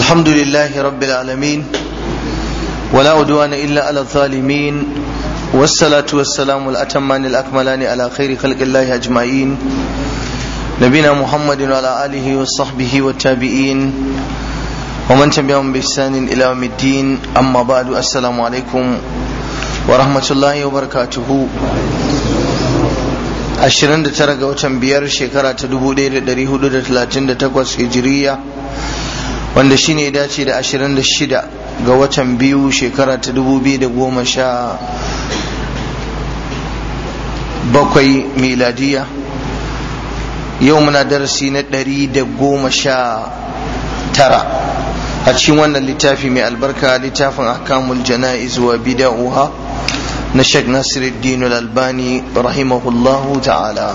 الحمد لله رب العالمين ولا عدوان إلا على الظالمين والصلاة والسلام الأتمان الأكملان على خير خلق الله أجمعين نبينا محمد وعلى آله وصحبه والتابعين ومن تبعهم بإحسان إلى يوم الدين أما بعد السلام عليكم ورحمة الله وبركاته 29 ga watan biyar shekara ta 1438 hijiriya wanda shi ne dace da 26 ga watan biyu shekara ta 2017 miladiya yau muna darasi na 119 a cikin wannan littafi mai albarka littafin akamul jana'iz wa bida'uha na sheikh nasiruddin al-albani rahimahullahu ta'ala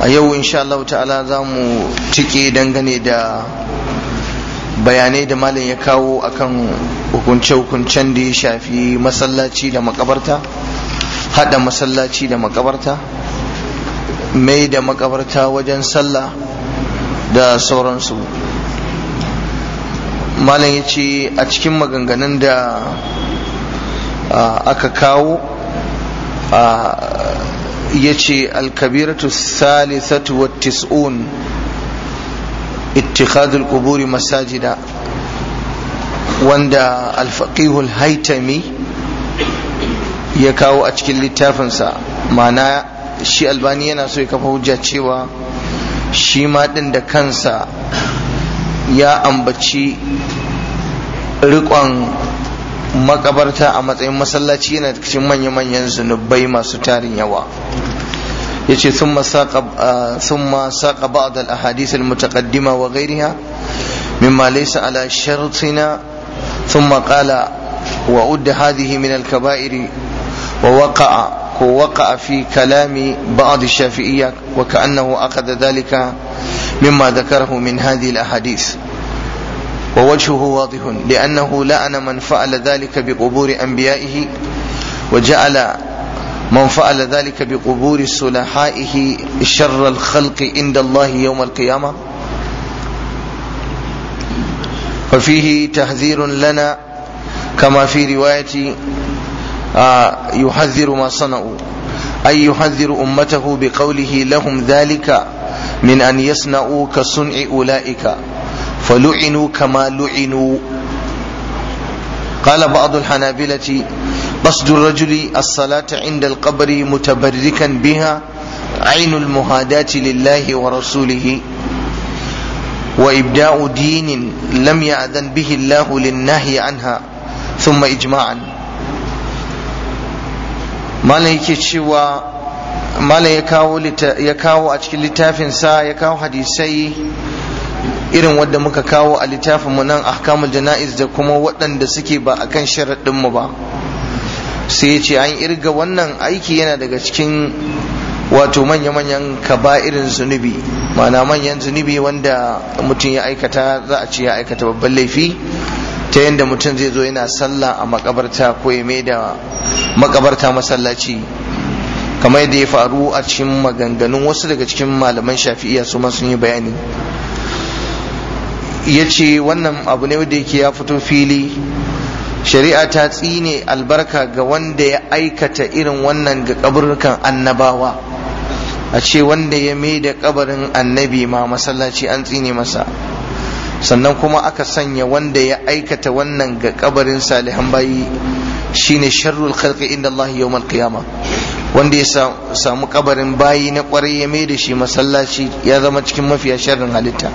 a yau insha Allah ta'ala za mu cike dangane da bayanai da malam ya kawo akan hukunce-hukuncen da ya shafi masallaci da makabarta hada masallaci da makabarta mai da makabarta wajen sallah da sauransu malam ya ce a cikin maganganun da aka kawo yace ce alkabiratu salisatu wa tis'un ittikhadhu al masajida wanda alfaqihul haitami ya kawo a cikin littafinsa mana shi albani yana so ya kafa hujja cewa shi ma din da kansa ya ambaci riƙon makabarta a matsayin masallaci yana cikin manya-manyan zunubai masu tarin yawa yace thumma saqa ah, thumma saqa ba'd al ahadith al mutaqaddima wa ghayriha mimma laysa ala shartina thumma qala wa udd hadhihi min al kaba'ir wa waqa'a ووقع في كلام بعض الشافعية وكأنه أخذ ذلك مما ذكره ووجهه واضح لأنه لعن من فعل ذلك بقبور أنبيائه وجعل من فعل ذلك بقبور سلحائه شر الخلق عند الله يوم القيامة ففيه تحذير لنا كما في رواية يحذر ما صنعوا أي يحذر أمته بقوله لهم ذلك من أن يصنعوا كصنع أولئك فلعنوا كما لعنوا قال بعض الحنابلة قصد الرجل الصلاة عند القبر متبركا بها عين المهاداة لله ورسوله وإبداء دين لم يأذن به الله للنهي عنها ثم إجماعا ما شوى ما يكاو, يكاو أشكل لتافن سا يكاو حديثي irin wadda muka kawo a littafin mu nan ahkamul jana'iz da kuma waɗanda suke ba akan sharaɗin mu ba sai ce an irga wannan aiki yana daga cikin wato manya-manyan kaba'irin zunubi ma'ana manyan zunubi wanda mutum ya aikata za a ce ya aikata babban laifi ta yadda mutum zai zo yana sallah a makabarta ko ya mai da makabarta masallaci kamar yadda ya faru a cikin maganganun wasu daga cikin malaman shafi'iya su sun yi bayani ya ce wannan abu ne wanda yake ya fito fili shari'a ta tsine albarka ga wanda ya aikata irin wannan ga kaburukan annabawa a ce wanda ya mai da kabarin annabi ma masallaci an tsine masa sannan kuma aka sanya wanda ya aikata wannan ga kabarin salihan bayi shine sharrul khalqi inda Allah yawmal kiyama wanda ya samu kabarin bayi na kwarai ya mai da shi masallaci ya zama cikin mafiya sharrin halitta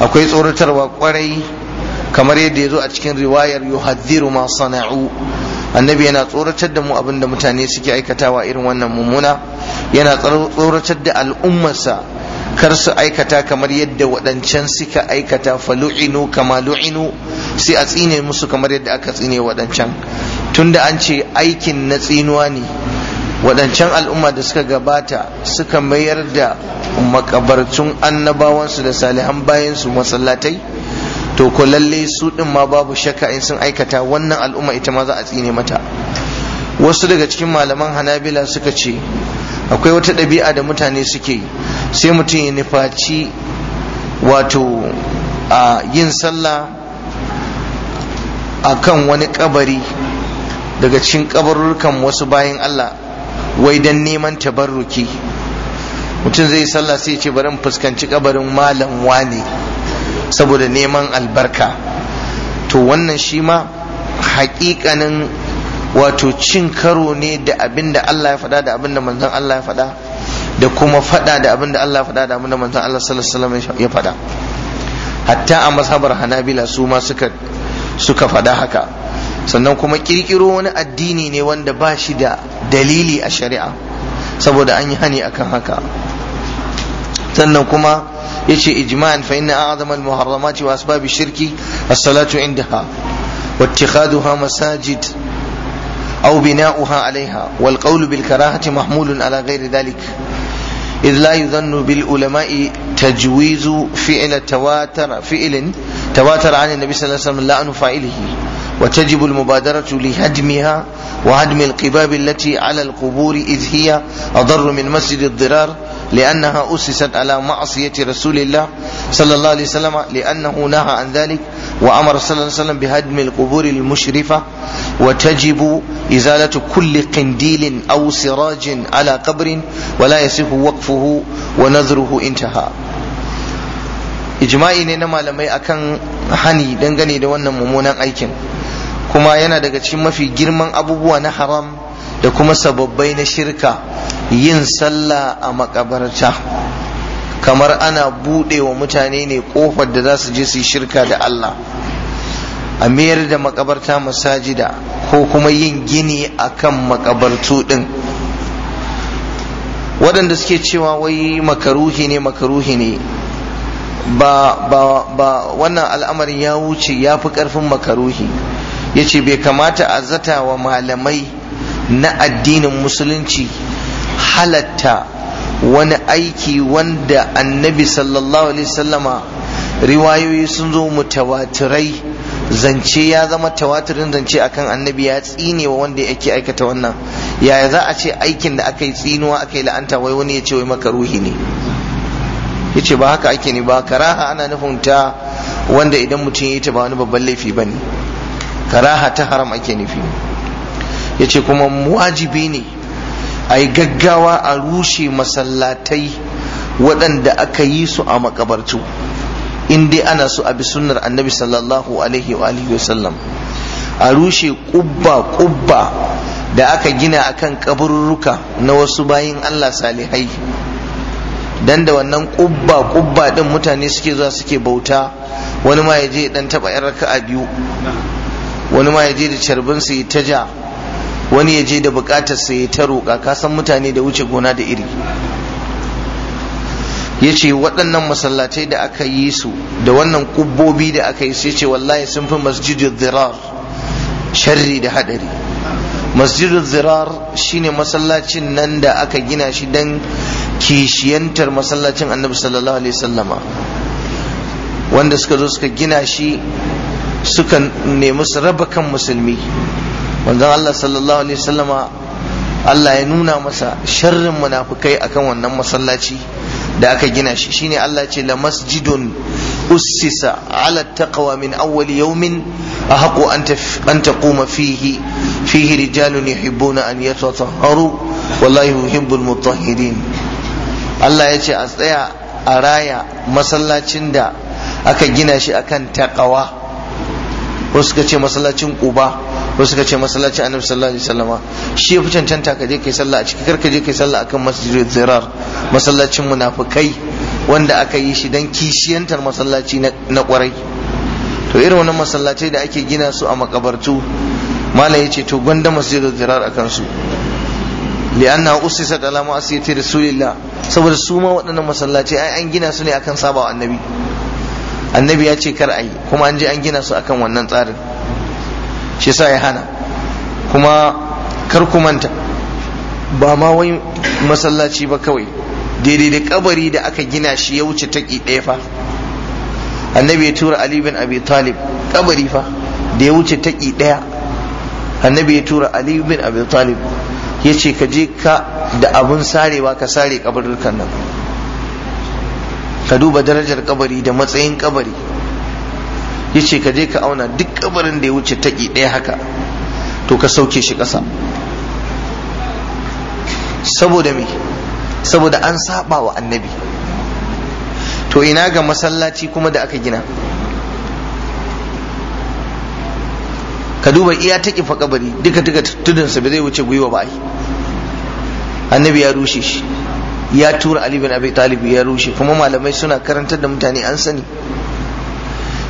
akwai tsoratarwa kwarai kamar yadda ya zo a cikin riwayar yuhadziru ma sana'u annabi yana tsoratar da mu abin da mutane suke aikatawa irin wannan mummuna yana tsoratar da al'ummarsa kar su aikata kamar yadda waɗancan suka aikata falu'inu kama lu'inu sai a tsine musu kamar yadda aka tsine waɗancan tunda an ce aikin na tsinuwa ne waɗancan al'umma da suka gabata suka mayar da makabarcin annabawansu da salihan bayansu masallatai to ko lalle su ɗin ma babu shakka in sun aikata wannan al'umma ita ma za a tsine mata wasu daga cikin malaman hanabila suka ce akwai wata ɗabi'a da mutane suke sai mutum ya nufaci wato a yin sallah a kan wani ƙabari daga cikin kabarurkan wasu bayan Allah wai dan neman tabarruki mutum zai sallah sai ce bari fuskanci kabarin malam wane saboda neman albarka to wannan shi ma haƙiƙanin wato cin karo ne da abin da Allah ya faɗa da abin da manzon Allah ya faɗa da kuma faɗa da abin da Allah ya faɗa da abin da manzon Allah sallallahu alaihi wasallam ya faɗa hatta a masabar hanabila su ma suka suka faɗa haka sannan kuma kirkiro wani addini ne wanda ba shi da dalili a shari'a saboda an yi hani akan haka sannan kuma ya ce ijma'in fa inna a'azama muharramati wa asbabi shirki as-salatu indaha wa ittikhaduha masajid aw bina'uha 'alayha wal qawlu bil karahati mahmulun ala ghairi dhalik إذ لا يظن بالعلماء تجويز فعل تواتر فعل تواتر عن النبي صلى الله عليه وسلم لا فاعله وتجب المبادرة لهدمها وهدم القباب التي على القبور إذ هي أضر من مسجد الضرار لأنها أسست على معصية رسول الله صلى الله عليه وسلم لأنه نهى عن ذلك وأمر صلى الله عليه وسلم بهدم القبور المشرفة وتجب إزالة كل قنديل أو سراج على قبر ولا يصح وقفه ونذره انتهى ijma'i ne na malamai akan hani dangane da wannan mummunan aikin kuma yana daga cikin mafi girman abubuwa na haram da kuma sababbai na shirka yin sallah a makabarta kamar ana buɗe wa mutane ne ƙofar da za su je su yi shirka da Allah a mayar da makabarta masajida ko kuma yin gini a kan makabartu ɗin waɗanda suke cewa wai makaruhi ne makaruhi ne ba, ba, ba wannan al'amarin ya wuce ya fi ƙarfin makaruhi ya ce bai kamata a zata wa malamai na addinin musulunci halatta wani aiki wanda annabi sallallahu alaihi sallama riwayoyi sun zo mu mutawatirai zance ya zama tawatirin zance akan annabi ya tsine wa wanda yake aikata wannan yaya za a ce aikin da aka yi tsinuwa aka yi la'anta wai wani ya ce wai maka ruhi ne yace ba haka ake ne ba karaha ana nufin ta wanda idan mutum ya yi ta ba wani babban laifi bane ne karaha ta haram ake nufi ya ce kuma wajibi ne a yi gaggawa a rushe masallatai waɗanda aka yi su a makabartu in dai ana su a bi sunnar annabi sallallahu alaihi wa alihi a rushe ƙubba ƙubba da aka gina akan kaburruka na wasu bayan Allah salihai dan da wannan ƙubba ƙubba ɗin mutane suke zuwa suke bauta wani ma ya je dan taɓa yan raka'a biyu wani ma ya je da carbin sa ya ta wani ya je da bukatar sa ya ta roƙa ka san mutane da wuce gona da iri ya ce waɗannan masallatai da aka yi su da wannan ƙubbobi da aka yi su ya ce wallahi sun fi masjidul zirar sharri da haɗari masjidul zirar shine masallacin nan da aka gina shi don kishiyantar masallacin annabi sallallahu alaihi sallama wanda suka zo suka gina shi suka nemi su raba kan musulmi manzon Allah sallallahu alaihi wasallama Allah ya nuna masa sharrin munafukai akan wannan masallaci da aka gina shi shine Allah ce la masjidun ussisa ala taqwa min awwal yawmin ahqu an taquma fihi fihi rijalun yuhibbuna an yatatahharu wallahi yuhibbul mutahhirin Allah ya ce a tsaya a raya masallacin da aka gina shi akan taqwa wasu suka ce masallacin quba wasu suka ce masallacin annabi sallallahu alaihi wasallama shi yafi cancanta ka je kai sallah a ciki karka je kai sallah akan masjidul zirar masallacin munafikai wanda aka yi shi dan kishiyantar masallaci na kwarai to irin wannan masallacai da ake gina su a makabartu malam yace to gwanda masjidul zirar akan su li'anna usisat ala ma'asiyati rasulillah saboda su ma waɗannan masallacai ai an gina su ne akan sabawa annabi annabi ya ce kar a yi kuma an je an gina su akan wannan tsarin shi sa ya hana kuma kar ku manta ba ma wai masallaci ba kawai daidai da kabari da aka gina shi ya wuce taki ɗaya fa annabi ya tura ali bin abi talib kabari fa da ya wuce taki ɗaya annabi ya tura ali bin abi talib ya ce ka je ka da abun sarewa ka sare kabarurkan nan ka duba darajar kabari da matsayin kabari ya ce ka je ka auna duk kabarin da ya wuce taƙi ɗaya haka to ka sauke shi ƙasa saboda me saboda an saba wa annabi to ina ga masallaci kuma da aka gina ka duba iya ta kifa kabari duka duka tudunsa ba zai wuce gwiwa ba ai annabi ya rushe shi ya tura Ali bin Abi Talib ya rushe kuma malamai suna karantar da mutane an sani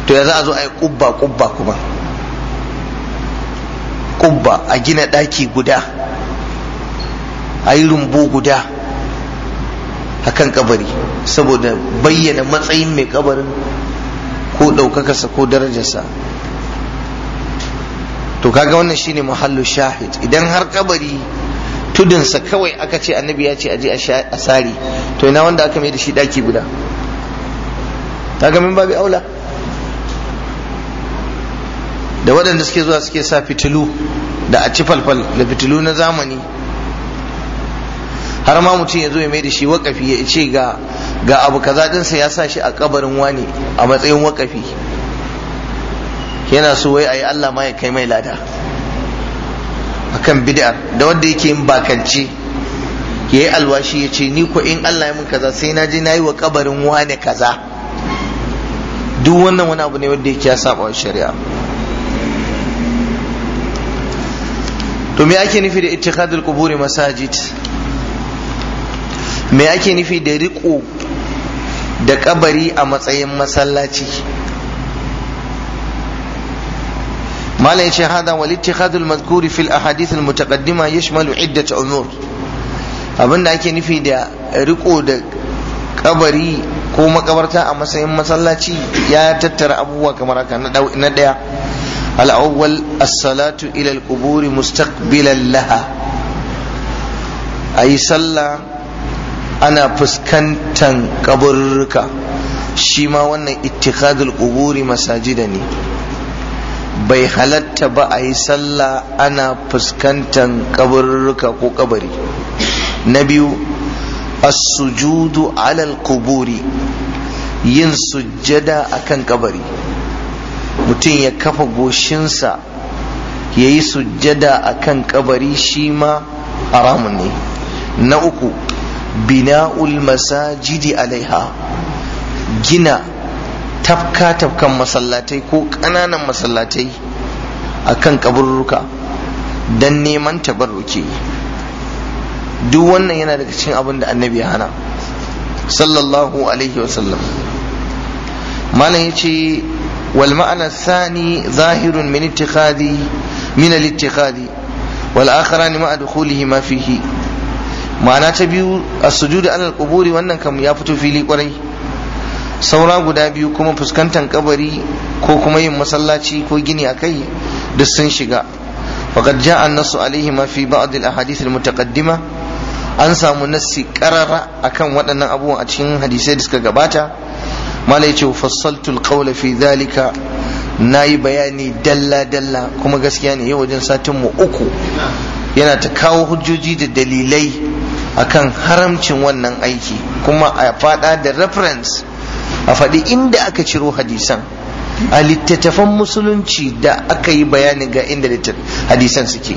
to ya za a zo a yi kubba kubba kuma kubba a gina daki guda a yi rumbu guda a kan kabari saboda bayyana matsayin mai kabarin ko ɗaukakarsa ko darajarsa to kaga wannan shine muhallu shahid idan har kabari tudunsa kawai aka ce annabi ya ce aje a sari to ina wanda aka mai da shi daki guda kaga min babu aula da waɗanda suke zuwa suke sa fitilu da a ci falfal da fitilu na zamani har ma mutum ya zo ya mai da shi wakafi ya ce ga ga abu kaza dinsa ya sa shi a kabarin wani a matsayin wakafi yana so wai ayi Allah ma ya kai mai lada akan bid'a da wanda yake yin bakanci yayi alwashi yace ni ko in Allah ya mun kaza sai na je nayi wa kabarin wani kaza duk wannan wani abu ne wanda yake ya saba wa shari'a to me ake nufi da ittikhadul quburi masajid me ake nufi da riko da kabari a matsayin masallaci malam yace hada wal ittikhadhu al madhkuri fil ahadith al mutaqaddima yashmalu iddat umur abinda ake nufi da riko da kabari ko makabarta a matsayin masallaci ya tattara abubuwa kamar haka na daya al-awwal as-salatu ila al-quburi mustaqbilan laha ayi sallah ana fuskantan kaburruka shi ma wannan ittikhadul quburi masajida ne bai halatta ba a yi sallah ana fuskantar kaburruka ko kabari na biyu as-sujudu alal kuburi yin sujjada akan kabari mutum ya kafa goshinsa ya yi sujjada akan kabari shi ma haramun ne na uku bina'ul masajidi alaiha gina tafka tafkan masallatai ko ƙananan masallatai a kan kaburruka don neman tabarruki duk wannan yana daga cikin abin da annabi ya hana sallallahu alaihi wasallam malam ya ce wal sani zahirun min ittikhadi min al-ittikhadi wal akharani ma'a dukhulihi ma fihi ma'ana ta biyu as-sujudu ala al-quburi wannan kam ya fito fili kwarai saura guda biyu kuma fuskantar kabari ko kuma yin masallaci ko gini a kai duk sun shiga faqad ja'a an-nasu alaihi ma fi ba'd al-ahadith al-mutaqaddima an samu nassi qarara akan waɗannan abubuwan a cikin hadisai da suka gabata mala yace fassaltu al zalika fi dhalika nayi bayani dalla dalla kuma gaskiya ne yau wajen satin mu uku yana ta kawo hujjoji da dalilai akan haramcin wannan aiki kuma a fada da reference a faɗi inda aka ciro hadisan a littattafan musulunci da aka yi bayani ga inda hadisan suke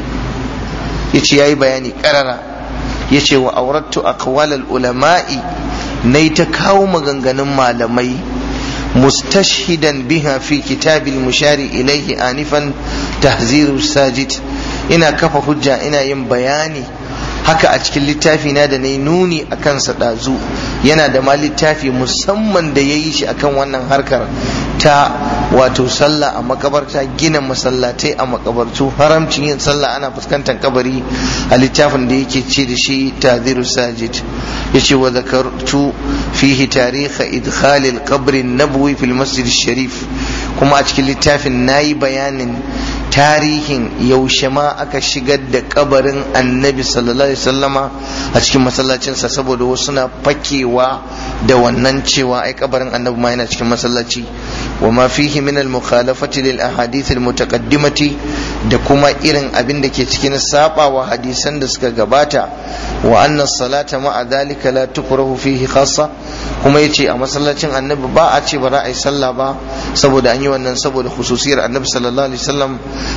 ya ce ya yi bayani ƙarara ya ce wa auratu aqwalal ulama'i na ta kawo maganganun malamai mustashhidan biha fi kitabil mushari ilaihi anifan tahziru sajid ina kafa hujja ina yin bayani haka a cikin littafi na da nayi nuni a kansa ɗazu yana da ma littafi musamman da ya yi shi akan wannan harkar ta wato sallah a makabarta gina masallatai a makabartu haramcin yin sallah ana fuskantar kabari a littafin da yake ce da shi tadhiru sajid ce wa zakartu fihi tarikh idkhalil al-qabr an masjid sharif kuma a cikin littafin nayi bayanin tarihin yaushe ma aka shigar da kabarin annabi sallallahu alaihi sallama a cikin masallacinsa saboda wasu na fakewa da wannan cewa ai kabarin annabi ma yana cikin masallaci wa ma fihi min al mukhalafati lil ahadith al mutaqaddimati da kuma irin abin da ke cikin sabawa hadisan da suka gabata wa annas salata ma'a dhalika la tukrahu fihi khassa kuma yace a masallacin annabi ba a ce ba za a yi sallah ba saboda an yi wannan saboda khususiyar annabi sallallahu alaihi wasallam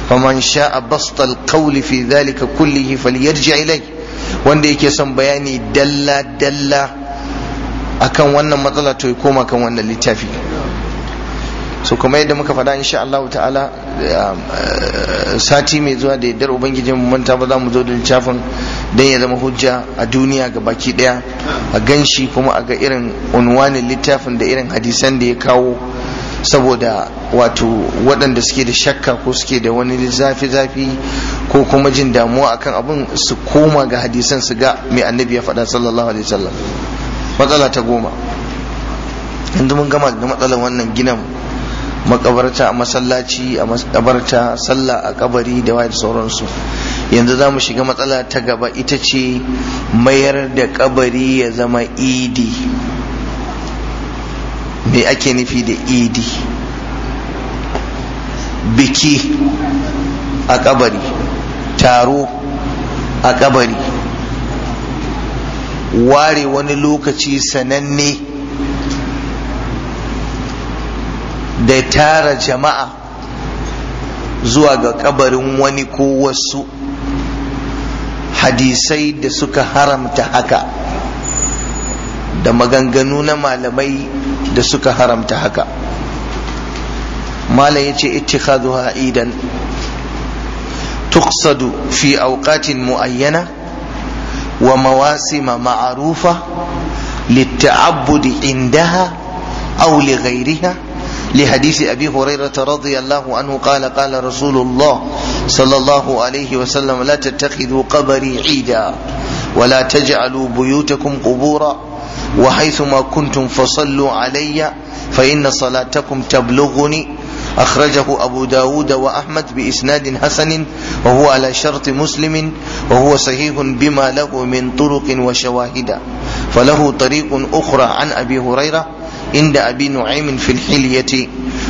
faman sha'a basta alqawl fi dalika kullihi falyarji ilai wanda yake son bayani dalla dalla akan wannan matsala to ya koma kan wannan littafi so kuma yadda muka faɗa insha Allah ta'ala um, uh, sati mai zuwa da yaddar ubangijin manta ba za mu zo da littafin don ya zama hujja a duniya ga baki ɗaya a ganshi kuma a ga irin unwanin littafin da irin hadisan da ya kawo saboda wato waɗanda suke da shakka ko suke da wani zafi-zafi ko kuma jin damuwa akan abin su koma ga hadisan su ga mai annabi ya faɗa sallallahu alaihi wasallam matsala ta goma yanzu mun gama da matsalar wannan ginin makabarta a masallaci a makabarta sallah a kabari da wayar sauransu yanzu za mu shiga matsala ta gaba ita ce mayar da kabari ya zama idi me ake nufi da idi biki a kabari taro a kabari ware wani lokaci sananne da tara jama'a zuwa ga kabarin wani ko wasu hadisai da suka haramta haka da maganganu na malamai da suka haramta haka malam ya ce ittikhaduha idan tuqsadu fi awqatin muayyana wa mawasima ma'rufa للتعبد عندها أو لغيرها لحديث أبي هريرة رضي الله عنه قال قال رسول الله صلى الله عليه وسلم لا تتخذوا قبري عيدا ولا تجعلوا بيوتكم قبورا وحيثما كنتم فصلوا علي فإن صلاتكم تبلغني أخرجه أبو داود وأحمد بإسناد حسن وهو على شرط مسلم وهو صحيح بما له من طرق وشواهد فله طريق أخرى عن أبي هريرة عند أبي نعيم في الحلية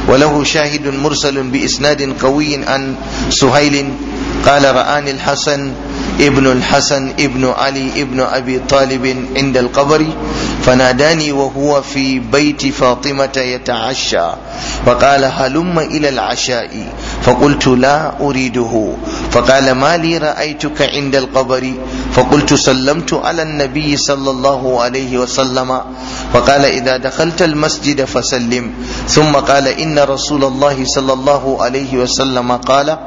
وله شاهد مرسل بإسناد قوي عن سهيل قال رآني الحسن ابن الحسن ابن علي ابن أبي طالب عند القبر فناداني وهو في بيت فاطمة يتعشى فقال هلم إلى العشاء فقلت لا أريده فقال ما لي رأيتك عند القبر فقلت سلمت على النبي صلى الله عليه وسلم فقال إذا دخلت المسجد فسلم ثم قال إن رسول الله صلى الله عليه وسلم قال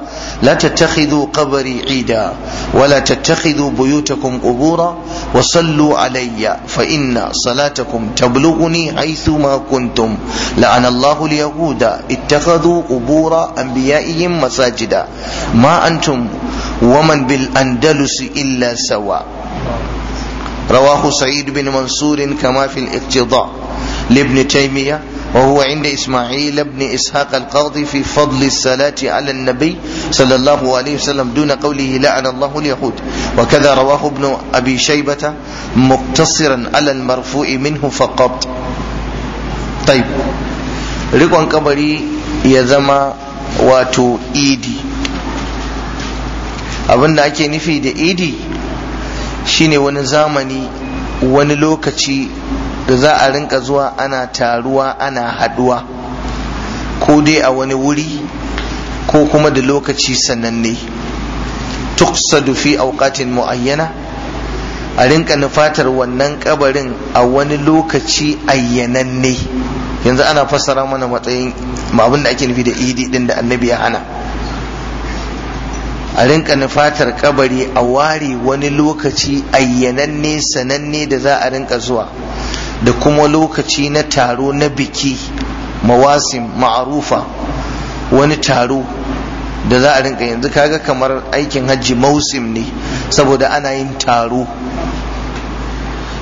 لا تتخذوا قبري عيدا ولا تتخذوا بيوتكم قبورا وصلوا علي فإن صلاتكم تبلغني حيثما كنتم لعن الله اليهود اتخذوا قبور أنبيائهم مساجدا ما أنتم ومن بالأندلس إلا سواء رواه سعيد بن منصور كما في الاقتضاء لابن تيمية وهو عند إسماعيل بن إسحاق القاضي في فضل الصلاة على النبي صلى الله عليه وسلم دون قوله لعن الله اليهود وكذا رواه ابن أبي شيبة مقتصرا على المرفوع منه فقط طيب رقم قبري يزما واتو إيدي abin da ake nufi da idi shine wani zamani wani lokaci da za a rinka zuwa ana taruwa ana haduwa ko dai a wani wuri ko kuma da lokaci sananne tuqsadu fi auqatin muayyana a rinka nufatar wannan kabarin a wani lokaci ayyananne yanzu ana fassara mana matsayin abin da ake nufi da idi din da annabi ya hana a rinka nufatar kabari a ware wani lokaci ayyananne sananne da za a rinka zuwa da kuma lokaci na taro na biki mawasim ma'arufa wani taro da za a rinka yanzu kaga kamar aikin hajji mausim ne saboda ana yin taro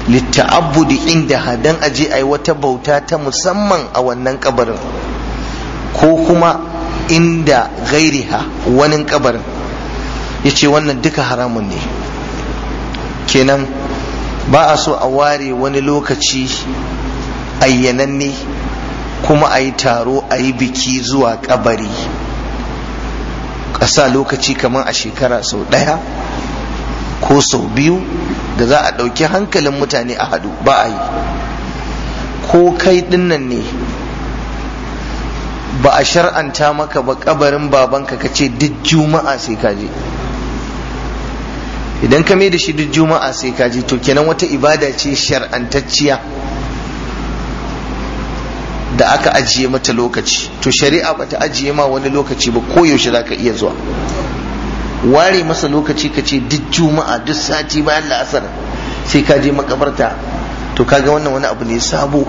littaabudi inda hadan aje ai wata bauta ta musamman a wannan kabarin ko kuma inda gairiha wani kabarin ya ce wannan duka haramun ne kenan ba a so a ware wani lokaci ayyananne kuma a yi taro a yi biki zuwa kabari ƙasa lokaci kamar a shekara sau ɗaya ko sau biyu da za a ɗauki hankalin mutane a hadu ba a yi ko kai ɗinnan ne ba a shar'anta maka ba kabarin babanka ka ce duk juma'a sai ka je idan ka da shi duk juma'a sai ka je to kenan wata ibada ce shar'antacciya da aka ajiye mata lokaci to shari'a bata ajiye ma wani lokaci ba koyaushe za ka iya zuwa ware masa lokaci ka ce duk juma'a duk sati bayan la'asar sai ka je makabarta to kaga wannan wani abu ne sabo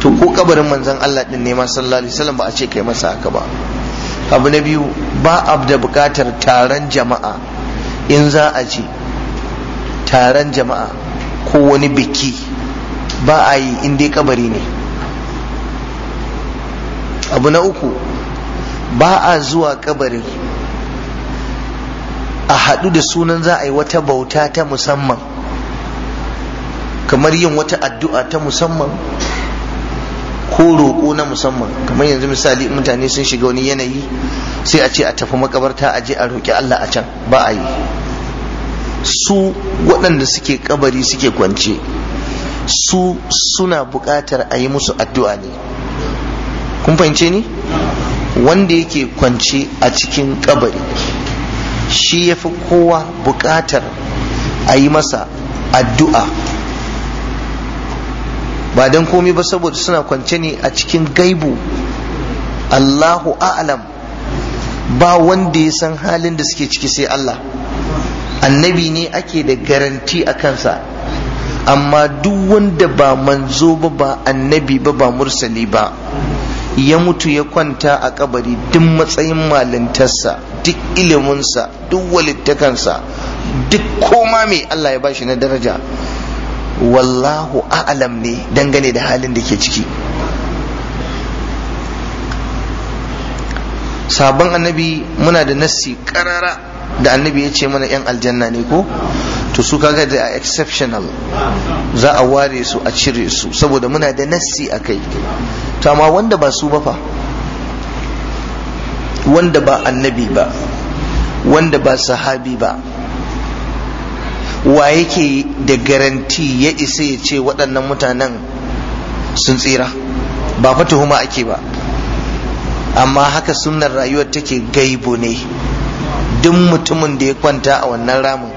to ko kabarin manzon Allah din ne ma sallallahu alaihi wasallam ba a ce kai masa haka ba abu na biyu ba da bukatar taron jama'a in za a ji taron jama'a ko wani biki ba a yi in dai kabari ne abu na uku ba a zuwa kabari a haɗu da sunan za a yi wata bauta ta musamman kamar yin wata addu'a ta musamman ko roƙo na musamman kamar yanzu misali mutane sun shiga wani yanayi sai a ce a tafi makabarta a je a roƙi Allah a can ba a yi su waɗanda suke kabari suke kwance su suna buƙatar a yi musu addu'a ne kun fahimce ni wanda yake kwance a cikin kabari shi ya fi kowa buƙatar a yi masa addu'a ba don komai ba saboda suna kwance ne a cikin gaibu Allahu a'lam ba wanda ya san halin da suke ciki sai Allah annabi ne ake da garanti a kansa amma duk wanda ba manzo ba ba annabi ba ba mursali ba ya mutu ya kwanta a kabari duk matsayin malintarsa duk iliminsa duk walittakansa duk koma mai Allah ya bashi na daraja wallahu a'lam ne dangane da halin da ke ciki sabon annabi muna da nassi karara da annabi ya ce mana 'yan aljanna ne ko to su kaga da a exceptional za a ware su a cire su saboda muna da nassi a kai to amma wanda ba su ba fa wanda ba annabi ba wanda ba sahabi ba wa yake da garanti ya isa ya ce waɗannan mutanen sun tsira ba fa tuhuma ake ba amma haka sunnar rayuwar take gaibo ne duk mutumin da ya kwanta a wannan ramin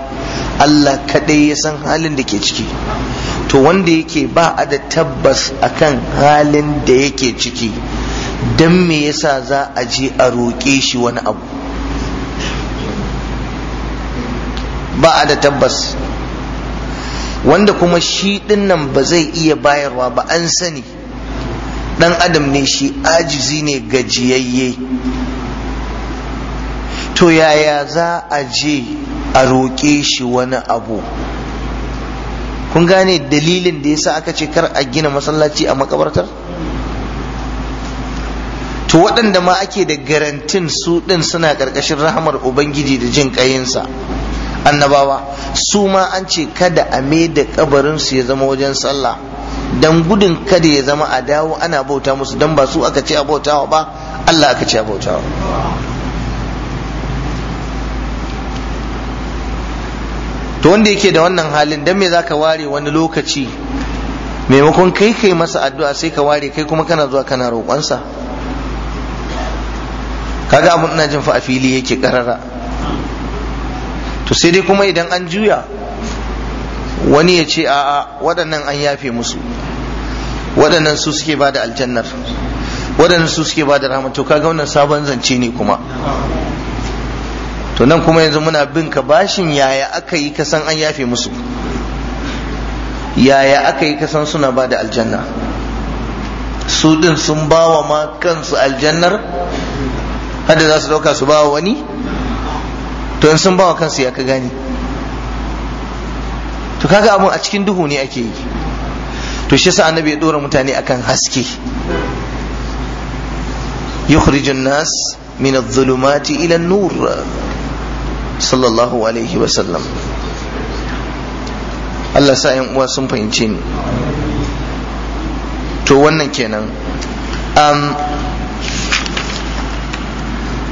Allah kaɗai ya san halin da ke ciki to wanda yake ba a da tabbas akan halin da yake ciki don me yasa za a je a roƙe shi wani abu ba a da tabbas wanda kuma shi dinnan ba zai iya bayarwa ba an sani dan adam ne shi ajizi ne gajiyayye to yaya za a je a roƙe shi wani abu kun gane dalilin da yasa aka ce kar a gina masallaci a makabartar to waɗanda ma ake da garantin su ɗin suna ƙarƙashin rahamar ubangiji da jin ƙayinsa annabawa su ma an ce kada a mai da kabarinsu ya zama wajen sallah dan gudun kada ya zama a dawo ana bauta musu dan ba su aka ce a bautawa ba Allah aka ce a bautawa to wanda yake da wannan halin dan me zaka ware wani lokaci maimakon kai kai masa addu'a sai ka ware kai kuma kana zuwa kana roƙonsa kaga abun ina jin fa a fili yake karara to sai dai kuma idan an juya wani ya ce a'a waɗannan an yafe musu waɗannan su suke ba da aljannar waɗannan su suke ba da rahama to kaga wannan sabon zance ne kuma to nan kuma yanzu muna bin ka bashin yaya aka yi ka san an yafe musu yaya aka yi ka san suna ba da aljanna su din sun ba wa ma kansu aljannar hada za su ɗauka su ba wa wani to in sun bawa kansu ya ka gane to kaga abun a cikin duhu ne ake yi to shi sa annabi ya dora mutane akan haske yukhrijun nas min adh-dhulumati ila an-nur sallallahu alaihi wa sallam Allah sa yan uwa sun fahimce ni to wannan kenan um,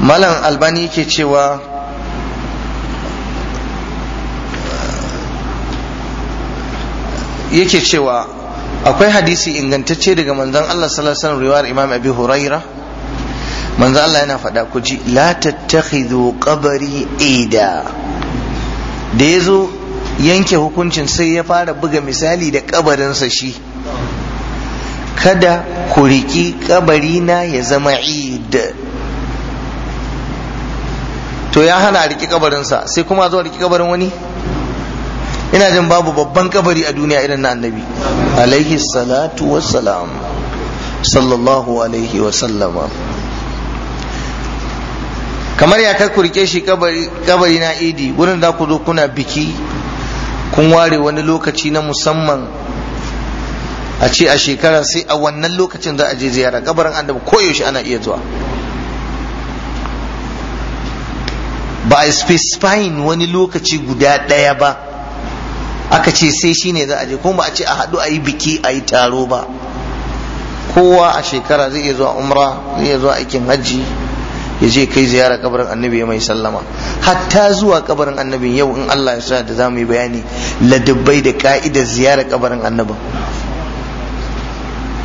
malam albani yake cewa yake cewa akwai hadisi ingantacce daga manzon Allah sallallahu alaihi wasallam riwayar Imam Abi Huraira manzon Allah yana faɗa ku ji la tattakhidhu qabri ida da yazo yanke hukuncin sai ya fara buga misali da ƙabarinsa shi kada ku riƙi na ya zama id to ya hana a riƙi sa sai kuma zo a riƙi kabarin wani ina jin babu babban kabari a duniya irin na annabi alaihi salatu wassalam sallallahu alaihi wasallama kamar ya kai kurke shi kabari na idi wurin da ku zo kuna biki kun ware wani lokaci na musamman a ce a shekara sai a wannan lokacin za a je ziyara kabarin annabi koyaushe ana iya zuwa ba a specifying wani lokaci guda ɗaya ba aka ce sai shine ne za a je kuma ba a ce a haɗu a yi biki a yi taro ba kowa a shekara zai iya zuwa umra zai iya zuwa aikin hajji ya je kai ziyara kabarin annabi mai sallama hatta zuwa kabarin annabi yau in Allah ya sa da za mu yi bayani ladabbai da ka'idar ziyara kabarin annabi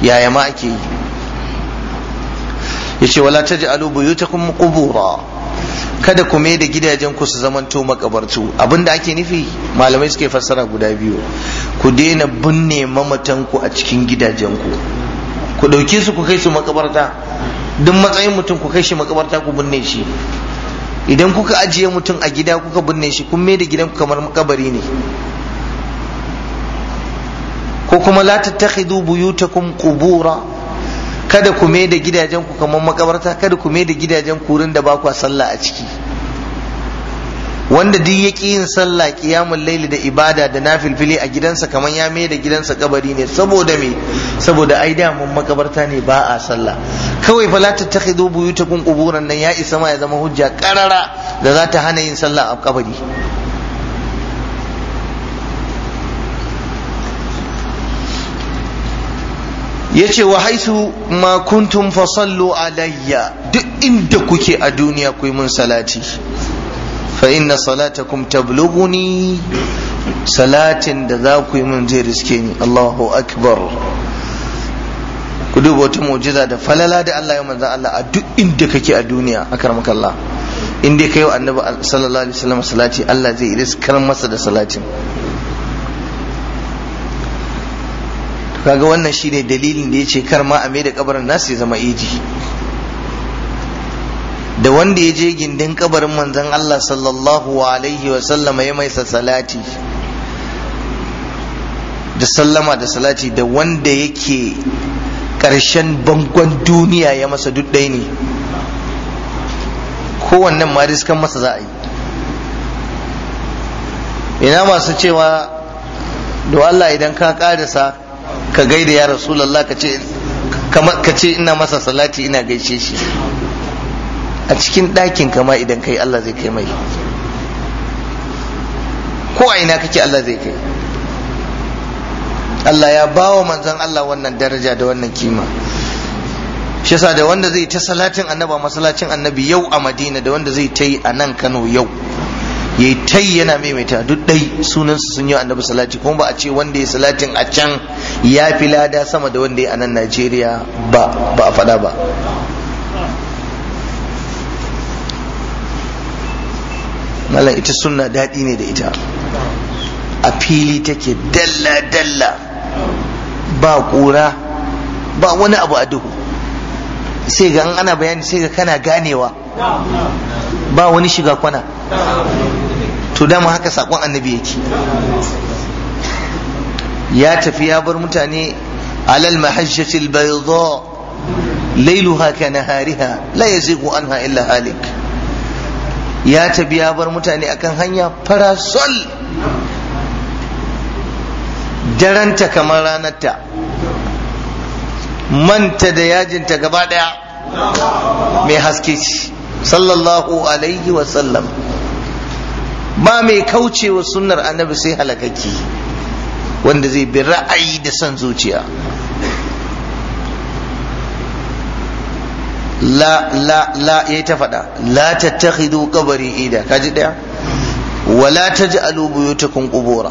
yaya ma ake yi Ya ce wala ta kuma qubura kada ku mai da gidajen ku su zamanto makabartu abinda ake nufi malamai suke fassara guda biyu ku daina binne mamatan a cikin gidajen ku ku dauke su ku kai su makabarta duk matsayin mutum ku kai shi makabarta ku binne shi idan kuka ajiye mutum a gida kuka binne shi kun mai da gidan ku kamar makabari ne ko kuma la tattakhidhu buyutakum qubura kada ku mai da gidajen ku kamar makabarta kada ku mai da gidajen ku wurin da ba ku sallah a ciki wanda duk yake yin sallah ƙiyamun laili da ibada da nafilfili a gidansa kamar ya mai da gidansa kabari ne saboda me saboda ai mun makabarta ne ba a sallah kawai fa la tattakhidu buyutakum quburan nan ya isa ma ya zama hujja karara da za ta hana yin sallah a kabari ce wa haisu ma kuntum fasallu alayya duk inda kuke a duniya ku mun salati fa inna salatakum tablughuni salatin da za ku yi mun zai riske ni Allahu akbar ku duba wata mu'jiza da falala da Allah ya manzo Allah a duk inda kake a duniya akramakallah in dai kai annabi sallallahu alaihi wasallam salati Allah zai riskar masa da salatin kaga wannan shine dalilin da ce kar ma a mai da kabarin nasu ya zama iji da wanda ya je gindin kabarin manzon Allah sallallahu alaihi wa sallama ya mai salati da sallama da salati da wanda yake karshen bangon duniya ya masa duk ɗaya ne wannan ma riskan masa za a yi ina masu cewa do Allah idan ka ƙarisa ka gaida ya rasulallah ka ce ka ce ina masa salati ina gaishe shi a cikin ɗakin kama idan kai Allah zai kai mai ko a ina kake Allah zai kai Allah ya ba wa manzon Allah wannan daraja da wannan kima shi yasa da wanda zai ta salatin annaba masallacin annabi yau a madina da wanda zai ta yi a nan kano yau ya yi ta yana maimaita duk ɗai sunansu sun yi annabi salati kuma ba a ce wanda ya salatin a can ya fi lada sama da wanda ya a nan najeriya ba a faɗa ba malam ita suna daɗi ne da ita a fili take dalla-dalla ba ƙura ba wani abu a duhu sai ga an ana bayani sai ga kana ganewa ba wani shiga kwana to dama haka sakon annabi yake ya tafi ya bar mutane alal mahajjatil bayda lailuha ka nahariha la yazigu anha illa halik ya tafi ya bar mutane akan hanya farasol daranta kamar ranarta manta da yajinta gaba daya mai haske sallallahu alaihi wasallam ba mai kaucewa sunnar annabi sai halakaki wanda zai bi ra'ayi da son zuciya la la la yayi ta faɗa la tattakhidu qabri ida kaji daya wala taj'alu buyutakum qubura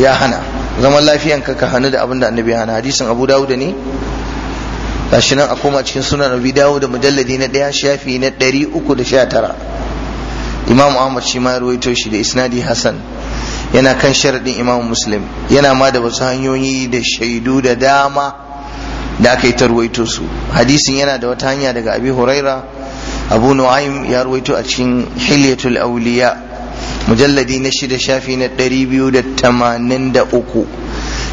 ya hana zaman lafiyan ka ka hana da annabi hana hadisin abu dawud ne gashi nan a koma cikin sunan abu dawud mujalladi na ɗaya, shafi na tara. imam ahmad shi ma ruwaito shi da isnadi Hassan. yana kan sharadin imamu muslim yana ma da wasu hanyoyi da shaidu da dama da aka yi tarwaito su hadisin yana da wata hanya daga abi huraira abu nu'aym ya ruwaito a cikin hilyatul awliya mujalladi na shida shafi na ɗari biyu da tamanin da uku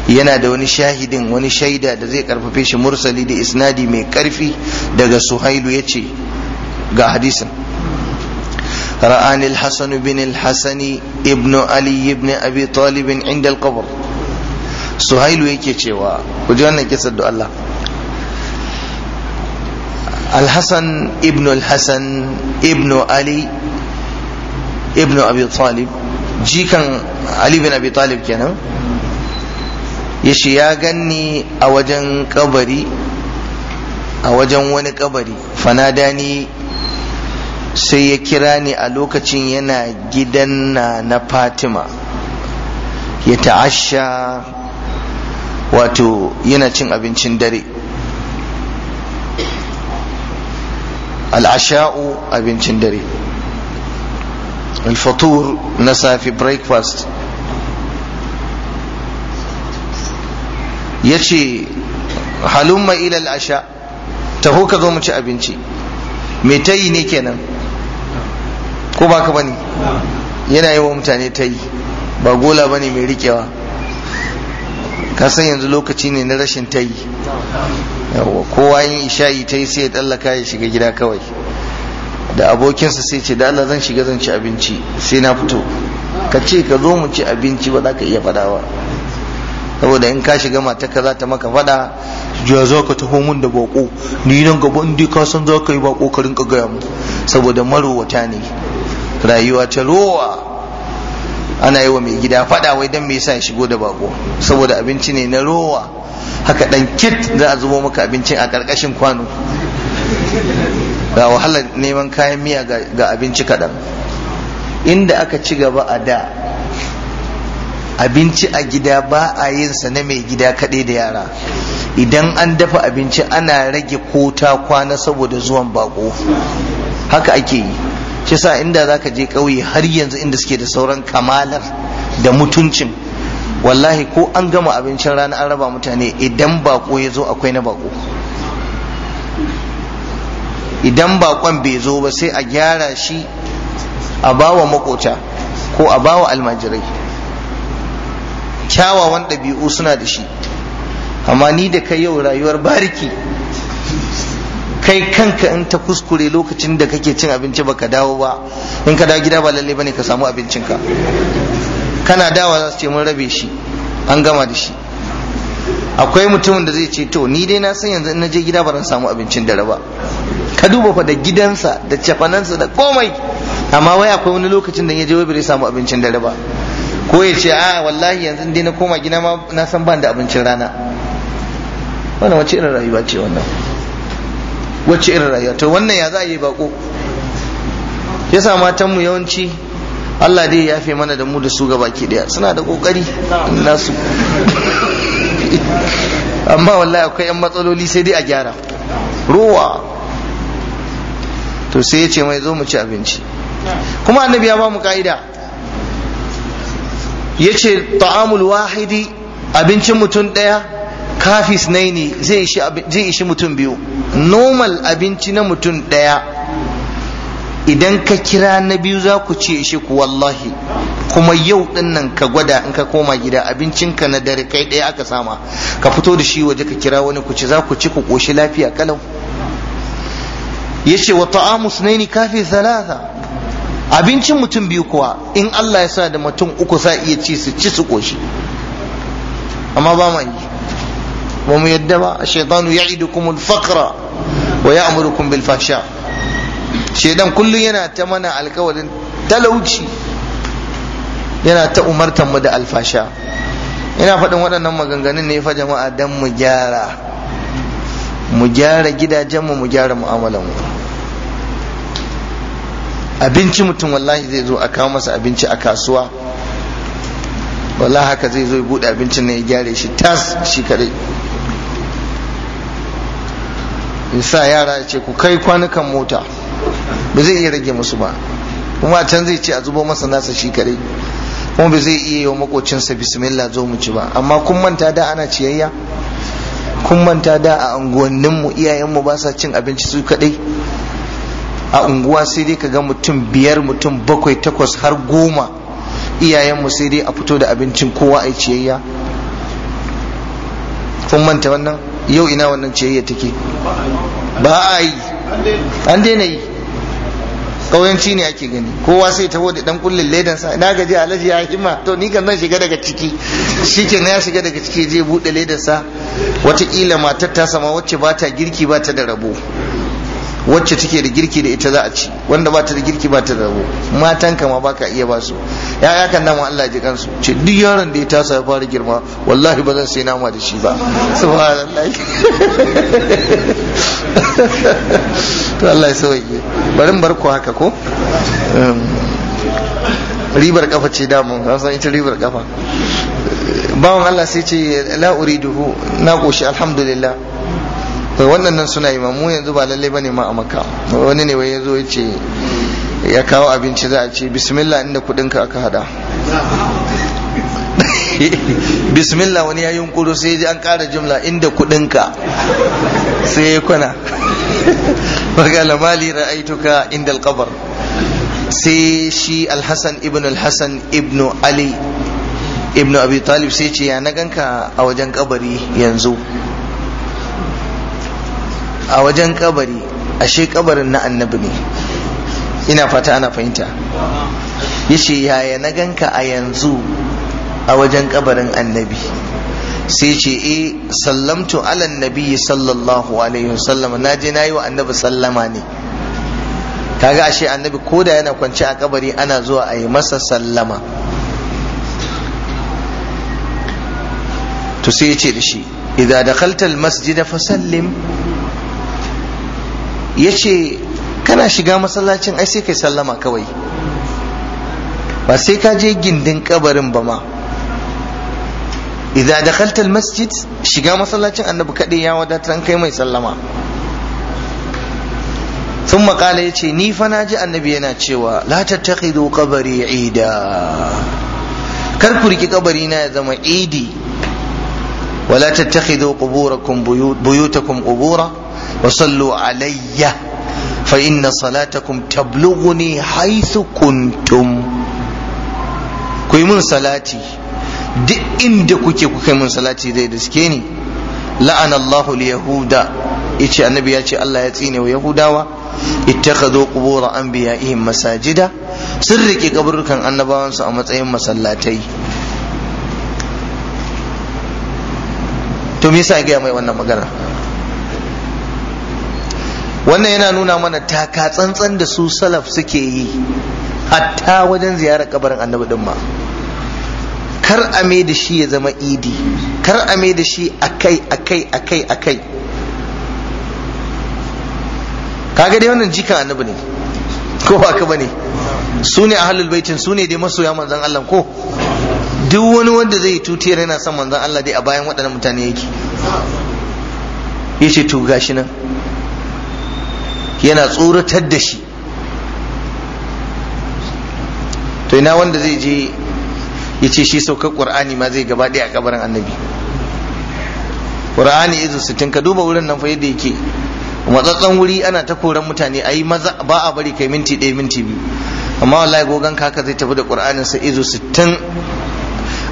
yana da wani shahidin wani shaida da zai karfafe shi mursali da isnadi mai karfi daga suhailu ya ce ga hadisin رآني الحسن بن الحسن ابن علي بن أبي طالب عند القبر سهيل ويكي cewa وجوانا كسر دو الله الحسن ابن الحسن ابن علي ابن أبي طالب جي كان علي بن أبي طالب yashi ya ganni a wajen kabari a wajen فناداني sai ya kira ni a lokacin yana gidan na na fatima ya ta'asha wato yana cin abincin dare al'asha'u abincin dare al-fatur na safi breakfast ya ce halumma ilal asha taho ka zo mu ci abinci me ta yi ne kenan ko ba ka bane yana yi wa mutane ta yi ba gola ba ne mai rikewa ka san yanzu lokaci ne na rashin ta yi kowa yin isha'i ta yi sai ya tsallaka ya shiga gida kawai da abokinsa sai ce da Allah zan shiga zan ci abinci sai na fito ka ce ka zo mu ci abinci ba za ka iya fada ba saboda in ka shiga ka za ta maka faɗa jiya za ka taho mun da bako ni nan gaba in ka san za ka yi bako ka kagaya gaya mu saboda marowata ne rayuwa ta rowa ana yi wa mai gida fada wai don mai yasa ya shigo da bako saboda abinci ne na rowa haka dan kit za a zubo maka abincin a karkashin kwano ga wahalar neman kayan miya ga abinci kaɗan inda aka ci gaba a da abinci a gida ba a yin sa na mai gida kaɗai da yara idan an dafa abinci ana rage ko ta kwana saboda zuwan bako haka ake yi shi sa inda ka je ƙauye har yanzu inda suke da sauran kamalar da mutuncin wallahi ko an gama abincin rana an raba mutane idan bako ya zo akwai na bako idan bakon bai zo ba sai a gyara shi a bawa makota ko a bawa almajirai kyawawan ɗabi'u suna da shi amma ni da kai yau rayuwar bariki kai kanka in ta kuskure lokacin da kake cin abinci baka dawo ba in ka dawo gida ba lalle bane ka samu abincinka kana dawa za su ce mun rabe shi an gama da shi akwai mutumin da zai ce to ni dai na san yanzu in naje gida ba zan samu abincin dare ba ka duba fa da gidansa da cefanansa da komai amma wai akwai wani lokacin da ya je wai bai samu abincin dare ba ko ya ce a wallahi yanzu dai na koma gida ma na san ban da abincin rana wannan wace irin rayuwa ce wannan wacce irin rayuwa to wannan ya za a yi bako yasa matan mu yawanci Allah dai ya yafe mana da mu da su ga baki daya suna da kokari su amma wallahi akwai yan matsaloli sai dai a gyara ruwa to sai ya ce mai zo mu ci abinci kuma annabi ya ba mu ka'ida ya ce ta'amul wahidi abincin mutum ɗaya kafis nai ne zai ishi mutum biyu normal abinci na mutum ɗaya idan ka kira na biyu za ku ce shi ku wallahi kuma yau din nan ka gwada in ka koma gida abincinka na dare kai ɗaya aka sama ka fito da shi waje ka kira wani ku ci za ku ci ku ƙoshi lafiya kalau yace wa ta'amu sunaini kafi salasa. abincin mutum biyu kuwa in Allah ya sa da mutum uku sa iya ci su ci su koshi, amma ba ma yi ba mu yadda ba shaytanu ya'idukum al-faqra wa ya'murukum bil fahsha shaydan kullun yana ta mana alkawarin talauci yana ta umartar mu da alfasha ina faɗin waɗannan maganganun ne fa jama'a dan mu gyara mu gyara gidajenmu mu gyara mu'amalanmu abinci mutum wallahi zai zo a kawo masa abinci a kasuwa wallahi haka zai zo ya buɗe abincin ne ya gyara shi tas shi kaɗai. yasa sa yara ya ce ku kai kwanukan mota ba zai iya rage musu ba kuma can zai ce a zubo masa nasa shi kare kuma ba zai iya yi wa makocinsa bismillah zo mu ci ba amma kun manta da ana ciyayya kun manta da a unguwanninmu iyayenmu ba sa cin abinci su kaɗai? a unguwa sai dai ka ga mutum biyar mutum bakwai takwas har goma iyayenmu sai dai a fito da abincin kowa a ciyayya kun manta wannan yau ina wannan ciyayya take ba a yi an daina yi ƙauyanci ne ake gani kowa sai taho da dan kullin sa na gaji alaji ya himma to ni kan zan shiga daga ciki shike na ya shiga daga ciki je bude ledansa wataƙila matar ta sama wacce ba ta girki ba ta da rabo wacce take da girki da ita za a ci wanda ba ta da girki ba ta da rabo matan kama ba ka iya ba su ya kan nama Allah ji kansu ce duk yaron da ya tasa ya fara girma wallahi ba zan sai nama da shi ba subhanallah to Allah ya sauke bari bar ku haka ko um, ribar kafa ce da an san ita ribar kafa bawan Allah sai ce la uriduhu na koshi alhamdulillah wai wannan nan suna yi mu yanzu ba lalle bane ma a maka wani ne wai yazo yace ya kawo abinci za a ce bismillah inda ka aka hada bismillah wani ya yunkuro sai ji an kara jumla inda ka sai ya kwana magala mali ra'aituka inda alqabar sai shi alhassan ibn alhassan ibn ali ibn abi talib sai ce ya na ganka a wajen kabari yanzu a wajen kabari ashe kabarin na annabi ne ina fata ana fahimta yace yaya na ganka a yanzu a wajen kabarin annabi sai ce e eh, sallamtu ala nabi sallallahu alaihi wasallam na je na yi wa annabi sallama ne kaga ashe annabi ko da yana kwance a kabari ana zuwa a yi masa sallama to sai ya ce da shi idza dakhalta fa sallim ya ce kana shiga masallacin ai sai kai sallama kawai ba sai ka je gindin kabarin ba ma idza dakhalta masjid shiga masallacin annabi kadai ya wadatar an kai mai sallama sun makala ya ce ni fa na ji annabi yana cewa la tattakhidhu qabri ida kar ku riki kabari na ya zama idi wala tattakhidhu quburakum buyutakum qubura wasallu alayya fa inna salatakum ta bulugu ne harsukuntukui mun salati? duk inda kuke kuka mun salati zai da ske ni la'anallahu lyahuda ic annabi ya ce allah ya tsine wa yahudawa itaka zo kubura an biya imasajida sunrike kabarrukan annabawansu a matsayin masallatai tomyasa a gaya mai wannan maga wannan yana nuna mana taka tsantsan da su salaf suke yi hatta wajen ziyarar kabarin annabi din ma kar a mai da shi ya zama idi kar a mai da shi akai akai akai akai kaga dai wannan jikan annabi ne ko ba ka bane su ne ahlul baitin su ne dai masoya manzon Allah ko duk wani wanda zai tutiyar yana son manzon Allah dai a bayan waɗannan mutane yake yace to gashi nan yana tsoratar da shi to ina wanda zai je ya ce shi saukar ƙur'ani ma zai gaba ɗaya a ƙabarin annabi ƙur'ani izu sittin ka duba wurin nan fa yadda yake matsatsan wuri ana ta koran mutane a yi maza ba a bari kai minti ɗaya minti biyu amma wallahi gogon kaka zai tafi da ƙur'anin sa izu sittin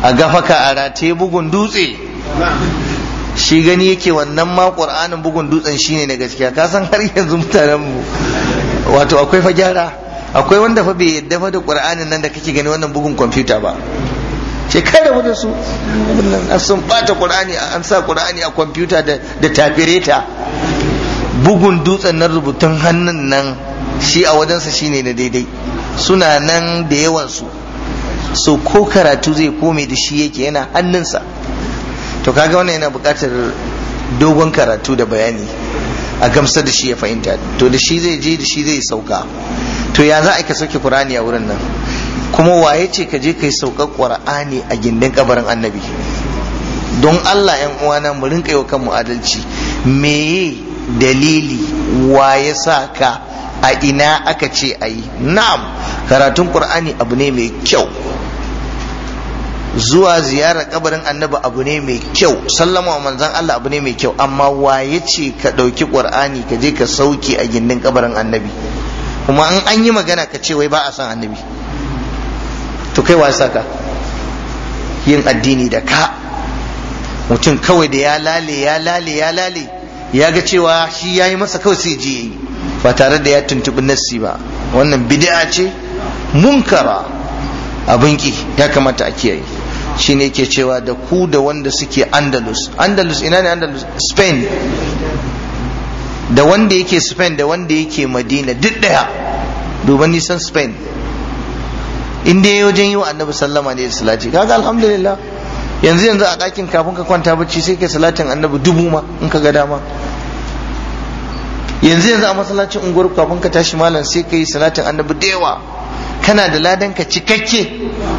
a gafaka a rataye bugun dutse shi gani yake wannan ma qur'anin bugun dutsen shine na gaskiya ka san har yanzu mutanen mu wato akwai fa gyara akwai wanda fa bai yadda fa da qur'anin nan da kake gani wannan bugun kwamfuta ba ce kai da wajen su sun bata qur'ani an sa qur'ani a kwamfuta da da tafireta bugun dutsen nan rubutun hannun nan shi a wajensa shine na daidai suna nan da yawansu so ko karatu zai kome da shi yake yana hannunsa to kaga wannan yana buƙatar dogon karatu da bayani a gamsar da shi ya fahimta to da shi zai je da shi zai sauka to ya za a ka sauke qur'ani a wurin nan kuma waye ce ka je kai saukar qur'ani a gindin kabarin annabi don Allah yan uwana mu rinka yi wa kanmu adalci meye dalili wa ya sa ka a ina aka ce a yi na'am karatun qur'ani abu ne mai kyau zuwa ziyara kabarin annabi abu ne mai kyau sallama wa manzan Allah abu ne mai kyau amma waye ce ka ɗauki ƙwar'ani ka je ka sauke a gindin kabarin annabi kuma an an yi magana ka ce wai ba a san annabi to kai wa saka yin addini da ka mutum kawai da ya lale ya lale ya lale ya ga cewa shi ya yi masa kawai sai je yi ba tare da ya tuntuɓi nassi ba wannan bid'a ce munkara abin ki ya kamata a kiyaye shine ke cewa da ku da wanda suke andalus andalus ina ne andalus spain da wanda yake spain da wanda yake madina duk daya duban nisan spain inda ya wajen yi wa annabi sallama ne salati kaga alhamdulillah yanzu yanzu a ɗakin kafin ka kwanta bacci sai ke salatin annabi dubu ma in ka ga dama yanzu yanzu a masallacin unguwar kafin ka tashi malam sai yi salatin annabi da yawa kana da ladan ka cikakke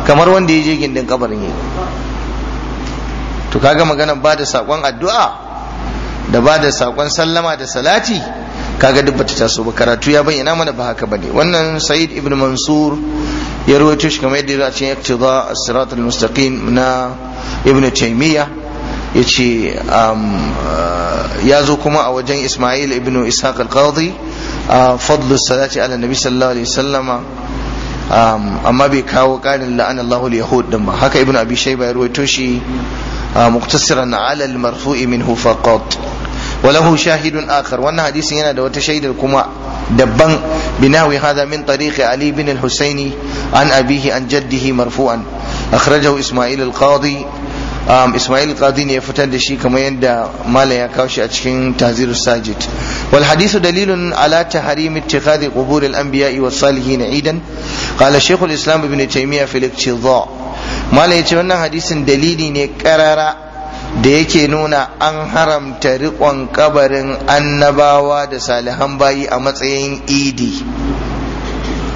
kamar wanda ya je gindin kabarin yi to kaga magana ba da sakon addu'a da ba da sakon sallama da salati kaga duk bata taso ba karatu ya bayyana mana ba haka bane wannan sa'id ibn mansur ya rawaito shi kamar yadda ya ce iqtida as-sirat al-mustaqim na ibn taymiya yace um, uh, ya zo kuma a wajen isma'il ibn ishaq al-qadi uh, fadlu salati ala nabi sallallahu alaihi wasallama Um, amma bai kawo karin la'an Allahul yahud din ba haka ibnu abi shayba ya ruwaito shi uh, muktasiran ala al-marfu'i minhu faqat وله shahidun آخر wannan حديث yana دوت شهيد الكما دبن بنحو هذا ali طريق علي بن الحسين عن an عن جده مرفوعا أخرجه إسماعيل القاضي um, Ismail Qadi ne ya fitar da shi kamar yadda malam ya kawo shi a cikin taziru Sajid wal hadisu dalilun ala tahrim ittikhadi qubur al anbiya wa salihin idan qala shaykhul islam ibn taymiya fil iqtidha malai yace wannan hadisin dalili ne karara da yake nuna an haramta riƙon kabarin annabawa da salihan bayi a matsayin idi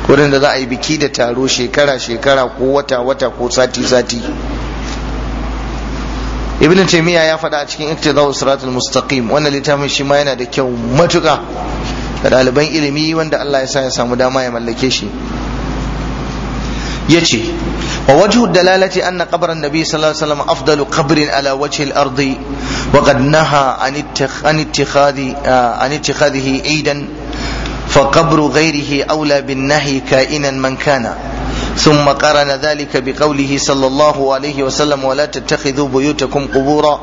wurin da za a yi biki da taro shekara-shekara ko wata-wata ko sati-sati ibn taymiya ya faɗa a cikin iktidau siratul mustaqim wannan littafin shi ma yana da kyau matuka da ɗaliban ilimi wanda Allah ya sa ya samu dama ya mallake shi yace wa wajhu dalalati anna qabran nabi afdalu qabrin ala wajhi al naha an ittikhadhi ah, fa qabru ghayrihi awla bin nahi kainan man kana ثم قرن ذلك بقوله صلى الله عليه وسلم ولا تتخذوا بيوتكم قبورا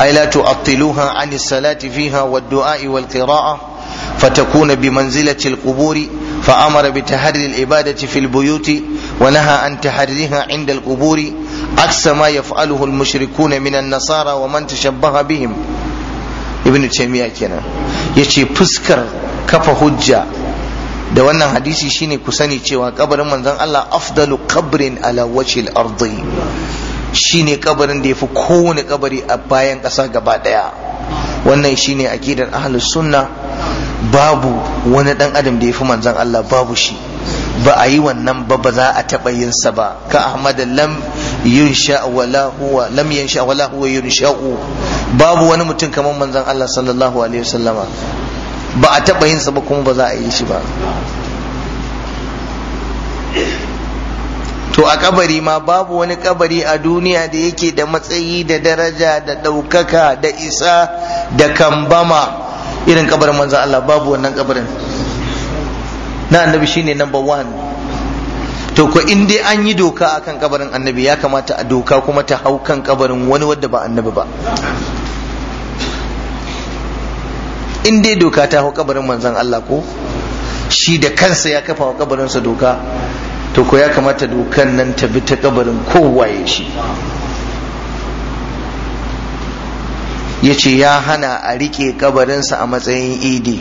أي لا تؤطلوها عن الصلاة فيها والدعاء والقراءة فتكون بمنزلة فأمر بتحري العبادة في البيوت ونهى عن تحريها عند القبور عكس ما يفعله المشركون من النصارى ومن تشبه بهم ابن تيمية كنا يشي فسكر كف حجة da wannan hadisi shine ku sani cewa kabarin manzon Allah afdalu kabrin ala wajhil ardi shine kabarin da yafi kowane kabari a bayan ƙasa gaba daya wannan shine akidar ahlus sunna babu wani dan adam da ya fi manzon Allah babu shi ba a yi wannan ba ba za a taɓa yin sa ba ka ahmad lam yunsha wala huwa lam yunsha wala huwa yunsha'u babu wani mutum kamar manzon Allah sallallahu alaihi wasallama ba a taɓa yin sa ba kuma ba za a yi shi ba to a kabari ma babu wani kabari a duniya da yake da matsayi da daraja da ɗaukaka da isa da kambama irin kabarin manzan Allah babu wannan kabarin na annabi shine number one to ko in dai an yi doka akan kabarin annabi ya kamata a doka kuma ta hau kan kabarin wani wadda ba annabi ba in dai doka ta hau kabarin manzan Allah ko shi da kansa ya kafa wa kabarinsa doka to ko ya kamata dokan nan ta bi ta kabarin kowaye shi ya ce ya hana a riƙe kabarinsa a matsayin idi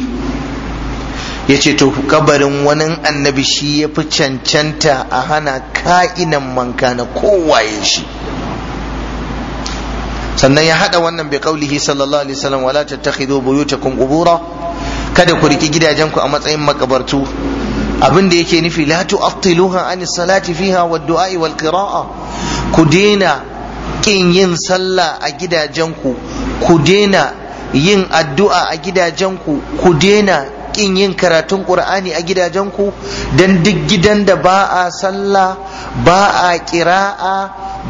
ya ce to kabarin wani annabi shi ya fi cancanta a hana ka'inan manka na kowaye shi sannan ya hada wannan bi qaulihi sallallahu alaihi wasallam wala tattakhidhu buyutakum qubura kada ku riki gidajenku a matsayin makabartu Abinda yake nufi la tu'attiluha an salati fiha wa du'a wal qira'a ku dina kin yin sallah a gidajenku ku daina yin addu'a a gidajen ku ku daina ƙin yin karatun ƙur'ani a gidajenku dan duk gidan da ba a sallah ba a kira'a,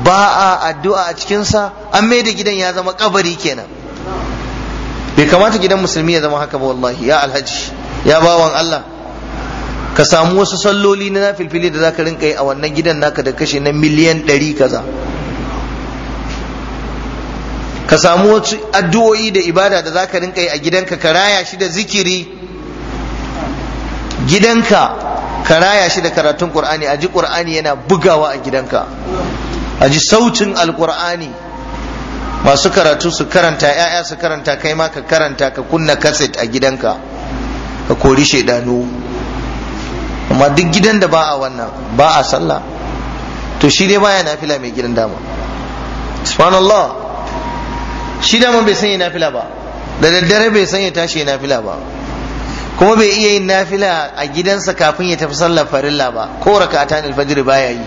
ba a addu'a a cikinsa an mai da gidan ya zama kabari kenan bai kamata gidan musulmi ya zama haka ba wallahi ya alhaji ya bawan Allah ka samu wasu salloli na nafilfili da zaka rinka yi a wannan gidan naka da kashe na miliyan ɗari kaza ka samu wasu addu'o'i da ibada da zaka rinka yi a gidanka ka raya shi da zikiri gidanka ka raya shi da karatun qur'ani a ji qur'ani yana bugawa a gidanka a ji sautin alqur'ani masu karatu su karanta ya'ya su karanta kai ma ka karanta ka kunna kaset a gidanka ka kori shaidanu amma duk gidan da ba a wannan ba a sallah to shi dai baya nafila mai gidan dama subhanallah shi dama bai sanya nafila ba da daddare bai sanya tashi nafila ba kuma bai iya yin nafila a gidansa kafin ya tafi sallar farilla ba ko raka'atan alfajr baya yi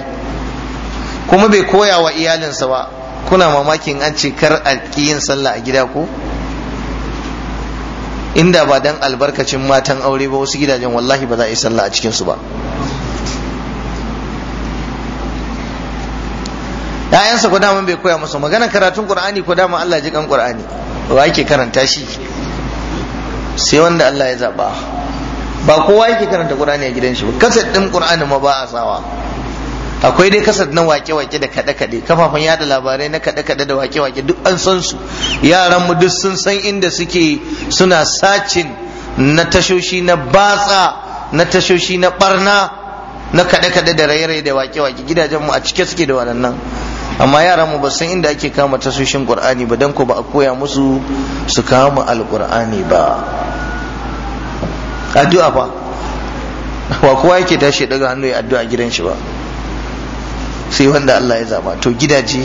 kuma bai koya wa iyalinsa ba kuna mamakin an ce kar a yin sallah a gida ko inda ba dan albarkacin matan aure ba wasu gidajen wallahi ba za a yi sallah a cikinsu ba ƴaƴansa ko daman bai koya musu magana karatun qur'ani ko daman Allah ji kan qur'ani wa yake karanta shi sai wanda Allah ya zaɓa. ba kowa yake karanta qur'ani a gidan shi ba kasad ɗin ƙur'ani ma ba a sawa akwai dai kasar na wake-wake da kaɗe-kaɗe kafafen yada labarai na kaɗe-kaɗe da wake-wake duk an san su yaran mu duk sun san inda suke suna sacin na tashoshi na batsa na tashoshi na barna na kaɗe-kaɗe da raye-raye da wake-wake gidajen mu a cike suke da waɗannan amma yaran mu ba san inda ake kama tasoshin qur'ani ba dan ko ba a koya musu su kama alqur'ani ba addu'a ba wa kowa yake tashi daga hannu ya addu'a gidan shi ba sai wanda Allah ya zaba to gidaje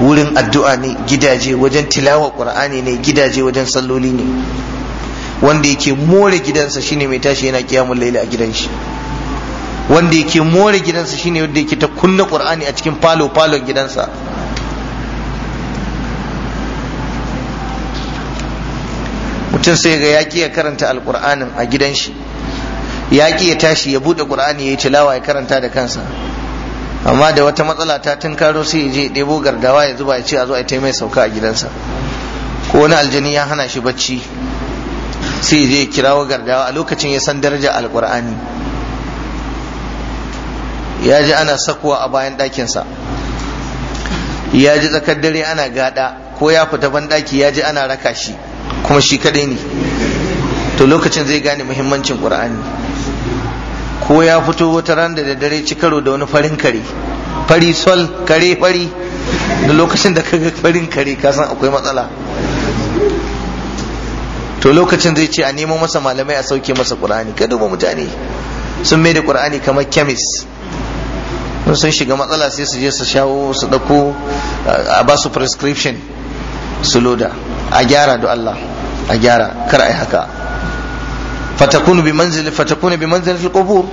wurin addu'a ne gidaje wajen tilawa qur'ani ne gidaje wajen salloli ne wanda yake more gidansa shine mai tashi yana kiyamul laili a gidan shi wanda yake more gidansa shine wanda yake ta kunna qur'ani a cikin falo falon gidansa mutum sai ga yaƙi ya karanta alƙur'anin a gidan shi yaƙi ya tashi ya buɗe ƙur'ani ya yi tilawa ya karanta da kansa amma da wata matsala ta tunkaro sai ya je ya ɗebo gardawa ya zuba ya ce a zo a mai sauka a gidansa ko wani aljani ya hana shi bacci sai ya je ya kirawo gardawa a lokacin ya san darajar alqur'ani ya ji ana sakuwa a bayan ɗakinsa ya ji tsakar dare ana gada ko ya fita ban ɗaki ya ji ana raka shi kuma shi kadai ne to lokacin zai gane muhimmancin ƙur'ani ko ya fito wata ran da dare ci karo da wani farin kare fari sol kare fari da lokacin da kaga farin kare ka san akwai matsala to lokacin zai ce a nemo masa malamai a sauke masa ƙur'ani ka duba mutane sun mai da ƙur'ani kamar kemis in sun shiga matsala sai su je su shawo su ɗauko a ba su prescription su loda a gyara da Allah a gyara kar a yi haka fatakunu bi manzili fatakunu bi manzili fil qubur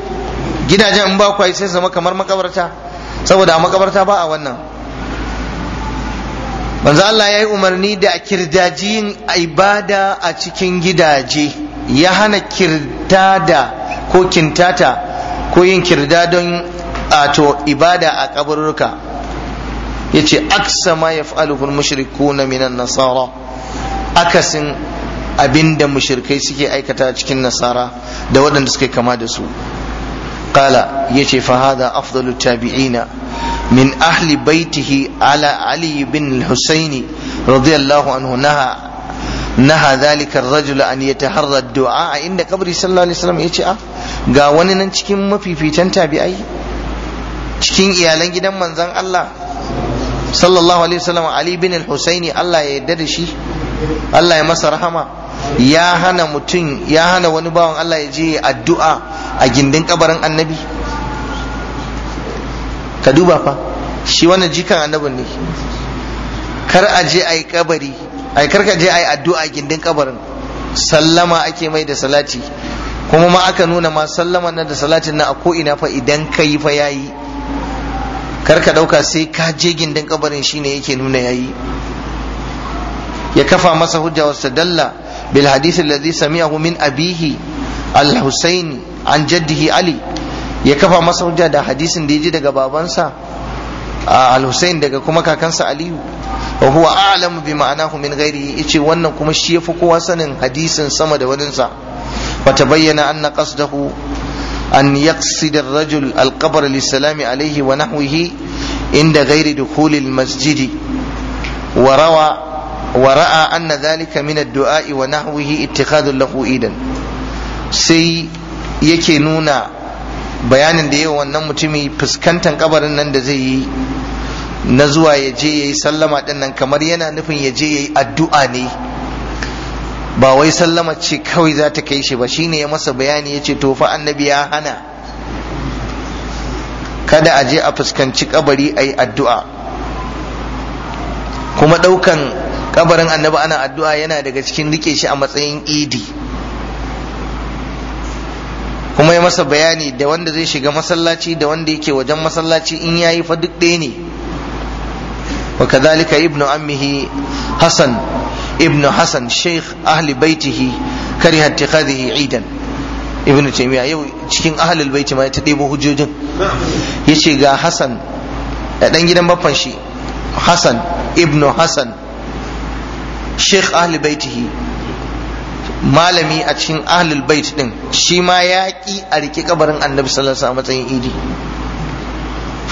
gidajen in ba kwai sai zama kamar makabarta saboda a makabarta ba a wannan manzo Allah ya yi umarni da kirdajin ibada a cikin gidaje ya hana kirdada ko kintata ko yin kirda don a to ibada a kaburruka yace aksa ma yaf'aluhu mushrikuna minan nasara akasin abinda mushrikai suke aikata cikin nasara da waɗanda suke kama da su kala yace fa hada afdalu tabi'ina min ahli baitihi ala ali bin husaini radiyallahu anhu naha naha zalika ar-rajul an yataharra ad-du'a inda qabri sallallahu alaihi wasallam yace a ah ga wani nan cikin mafifitan tabi'ai cikin iyalan gidan manzon Allah sallallahu alaihi wasallam Ali bin al-Husaini Allah ya yarda da shi Allah ya masa rahama ya hana mutum ya hana wani bawan Allah ya je addu'a a gindin kabarin annabi ka duba fa shi wannan jikan annabin ne kar a je ayi kabari ai kar ka je ayi addu'a a gindin kabarin sallama ake mai da salati kuma ma aka nuna ma sallama na da salatin na a ko ina fa idan kai fa yayi kar ka ɗauka sai ka je gindin kabarin shine yake nuna yayi ya kafa masa hujja wasta dalla bil hadith alladhi sami'ahu min abihi al husayn an jaddihi ali ya kafa masa hujja da hadisin da ya ji daga babansa al husayn daga kuma kakansa aliyu wa huwa a'lamu bi ma'anahu min ghairihi yace wannan kuma shi yafi kowa sanin hadisin sama da waninsa fa tabayyana anna qasdahu أن يقصد الرجل القبر للسلام عليه ونحوه عند غير دخول المسجد وروى ورأى أن ذلك من الدعاء ونحوه اتخاذ له إيدا سي yake nuna bayanin da yawa wannan mutumin fuskantar ƙabarin nan da zai yi na zuwa yaje je ya yi sallama ɗin kamar yana nufin yaje ya yi addu'a ne ba wai sallama ce kawai za ta kai shi ba shine ya masa bayani ya ce to fa annabi ya hana kada a je a fuskanci kabari a addu'a kuma ɗaukan kabarin annabi ana addu'a yana daga cikin rike shi a matsayin idi kuma ya masa bayani da wanda zai shiga masallaci da wanda yake wajen masallaci in yayi fa duk ɗaya ne wa kazalika ibnu ammihi hasan Ibnu hasan sheikh ahli baitihi kariha ittikhadhihi idan ibn taymiya yau cikin ahlul baiti ma ya ta debo hujjojin yace ga hasan da dan gidan baffan shi hasan ibn sheikh ahli baitihi malami a cikin ahlul bait din shi ma ya ki a rike kabarin annabi sallallahu alaihi wasallam matsayin idi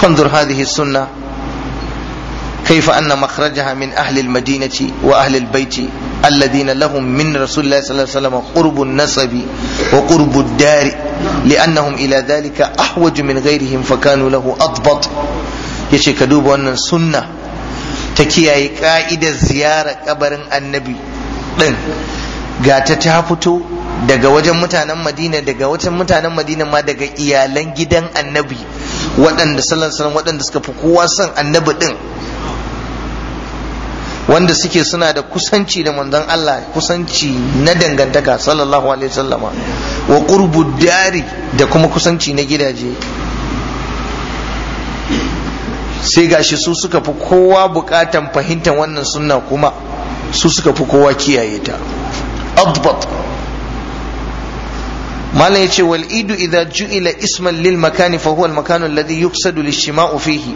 fanzur hadhihi sunnah كيف أن مخرجها من أهل المدينة وأهل البيت الذين لهم من رسول الله صلى الله عليه وسلم قرب النسب وقرب الدار لأنهم إلى ذلك أحوج من غيرهم فكانوا له أضبط يشي كدوب أن سنة تكيا قائد زيارة قبر النبي ɗin ga ta ta fito daga wajen mutanen madina daga wajen mutanen madina ma daga iyalan gidan annabi waɗanda sallallahu waɗanda suka fi kowa son annabi ɗin wanda suke suna da kusanci da manzon Allah kusanci na dangantaka sallallahu alaihi wasallama wa qurbu dari da kuma kusanci na gidaje sai gashi su suka fi kowa bukatan fahimtar wannan sunna kuma su suka fi kowa kiyaye ta adbat mala ya wal idu idza ju'ila isman lil makani fa huwa al makanu alladhi yuqsadu lil fihi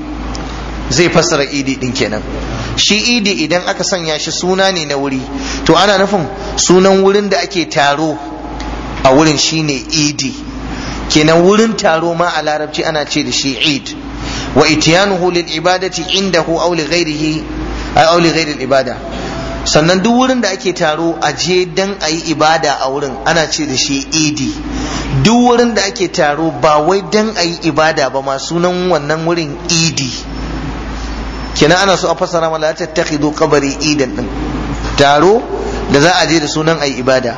zai fassara idi din kenan shi idi idan aka sanya shi suna ne na wuri to ana nufin sunan wurin da ake taro a wurin shine idi kenan wurin taro ma a larabci ana ce da shi id wa itiyanuhu lil ibadati indahu aw li ghairihi aw li ghayri al ibada sannan duk wurin da ake taro a je dan a yi ibada a wurin ana ce da shi idi duk wurin da ake taro ba wai dan a yi ibada ba ma sunan wannan wurin idi kenan ana so a fassara mala ta takhidu qabari idan din taro da za a je da sunan a yi ibada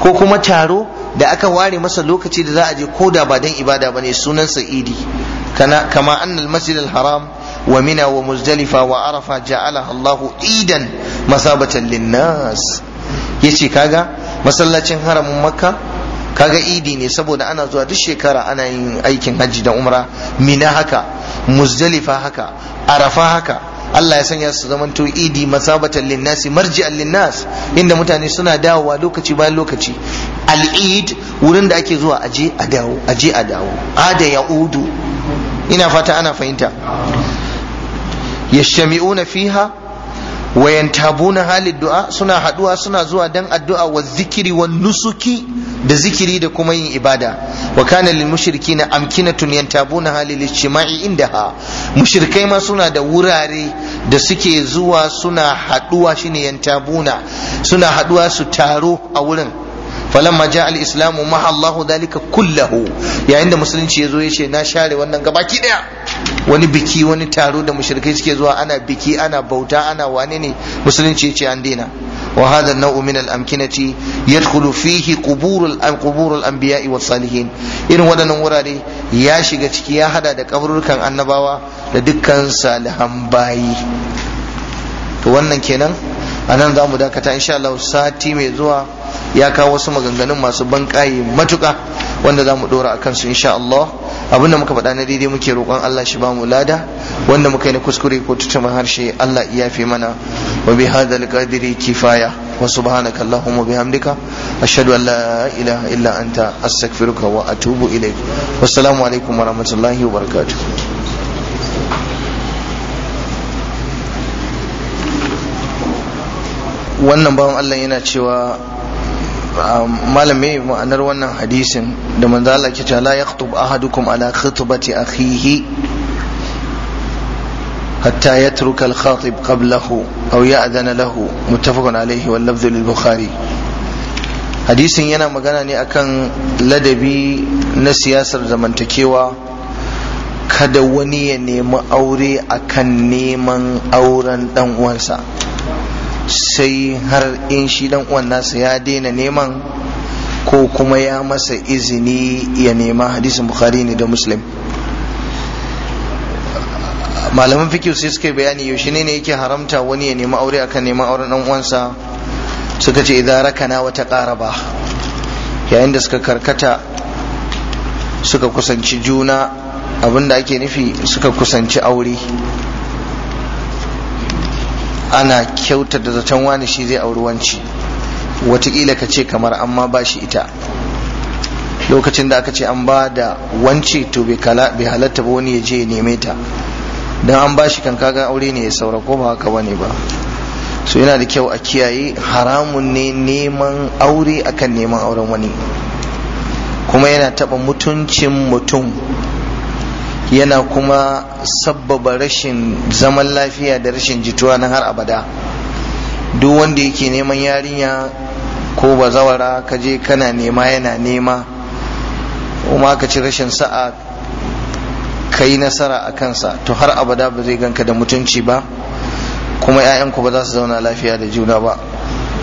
ko kuma taro da aka ware masa lokaci da za a je ko da ba dan ibada bane sunan sa idi kana kama annal masjidal haram wa mina wa muzdalifa wa arafa ja'alaha Allahu idan masabatan linnas yace kaga masallacin haramin makka kaga idi ne saboda ana zuwa duk shekara ana yin aikin hajji da umra mina haka muzdalifa haka arafa haka Allah ya sanya su zamanto idi masabatan linnasi marji'an linnas inda mutane suna dawowa lokaci bayan lokaci al wurin da ake zuwa aje a dawo aje a dawo ada yaudu ina fata ana fahimta yashami'una fiha wayan tabuna halid du'a suna haɗuwa, suna zuwa dan addu'a wa zikiri wa nusuki da zikiri da kuma yin ibada wa kana lil mushrikina amkinatun yantabuna halil ijtima'i ha. mushrikai ma suna da wurare da suke zuwa suna haduwa shine yantabuna suna haɗuwa su taro a wurin falamma ja al-islamu maha dalika kullahu yayin da musulunci ya zo ya ce na share wannan gabaki daya wani biki wani taro da mushrikai suke zuwa ana biki ana bauta ana wane ne musulunci yace an dina. wa hadha an-naw'u min al-amkinati yadkhulu fihi qubur al-qubur al salihin irin waɗannan wurare ya shiga ciki ya hada da kaburukan annabawa da dukkan salihan bayi to wannan kenan anan za mu dakata insha Allah sati mai zuwa ya kawo wasu maganganun masu banƙaye matuƙa wanda za mu ɗora a kansu insha Allah abinda muka faɗa na daidai muke roƙon Allah shi ba mu lada wanda muka yi na kuskure ko tutuma harshe Allah ya fi mana wa bi hadha al-qadri kifaya wa subhanaka allahumma bihamdika ashhadu an la ilaha illa anta astaghfiruka wa atubu ilayk wassalamu alaikum wa rahmatullahi wa barakatuh wannan bawan Allah yana cewa malami ma'anar wannan hadisin da manzo Allah ke cewa la yakhthub ahadukum ala khutbati akhihi hatta yatruka al-khatib qablahu aw ya'dana lahu muttafaqun alayhi wal lafdh lil bukhari hadisin yana magana ne akan ladabi na siyasar zamantakewa kada wani ya nemi aure akan neman auren dan uwansa sai har in shi dan uwan nasa ya daina neman ko kuma ya masa izini ya nema hadisin bukhari ne da muslim malaman fiki sai suka bayani yaushe ne ne yake haramta wani ya nema aure akan neman auren dan uwansa suka ce idan rakana wata qaraba yayin da suka karkata suka kusanci juna abinda ake nufi suka kusanci aure ana kyauta da zaton wani shi zai auri wanci watakila ka ce kamar amma ba shi ita lokacin da aka ce an ba da wanci to bai halatta ba wani ya je ya neme ta don an ba shi kan kaga aure ne ya saura ko ba haka bane ba so yana da kyau a kiyaye haramun ne neman aure akan neman auren wani kuma yana taba mutuncin mutum yana kuma sabbaba rashin zaman lafiya da rashin jituwa na har abada duk wanda yake neman yarinya ko ba zawara ka je kana nema yana nema kuma ka ci rashin sa'a ka yi nasara a kansa to har abada ba zai ganka da mutunci ba kuma 'ya'yanku ba za su zauna lafiya da juna ba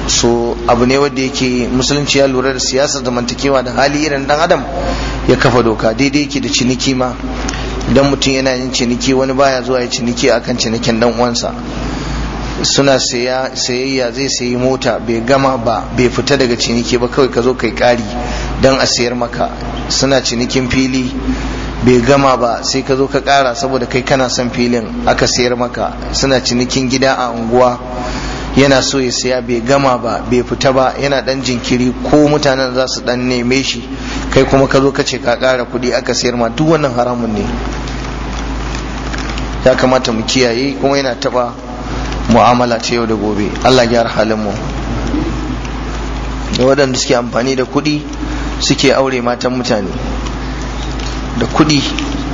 so abu ne wadda yake musulunci ya lura da siyasar zamantakewa da hali irin dan adam ya kafa doka daidai yake da ciniki ma idan mutum yana yin ciniki wani baya zuwa yin ciniki akan cinikin dan uwansa suna sayayya zai sayi mota bai gama ba bai fita daga ciniki ba kawai ka zo kai kari don a sayar maka suna cinikin fili bai gama ba sai ka zo ka kara saboda kai kana son filin aka sayar maka suna cinikin gida a unguwa yana so ya saya bai gama ba bai fita ba yana dan jinkiri ko mutanen za su dan neme shi kai kuma ka zo ka ce ka kara kuɗi aka sayar ma duk wannan haramun ne ya kamata mu kiyaye kuma yana taɓa mu'amala ta yau da gobe Allah ya halin mu da waɗanda suke amfani da kuɗi suke aure matan mutane da kuɗi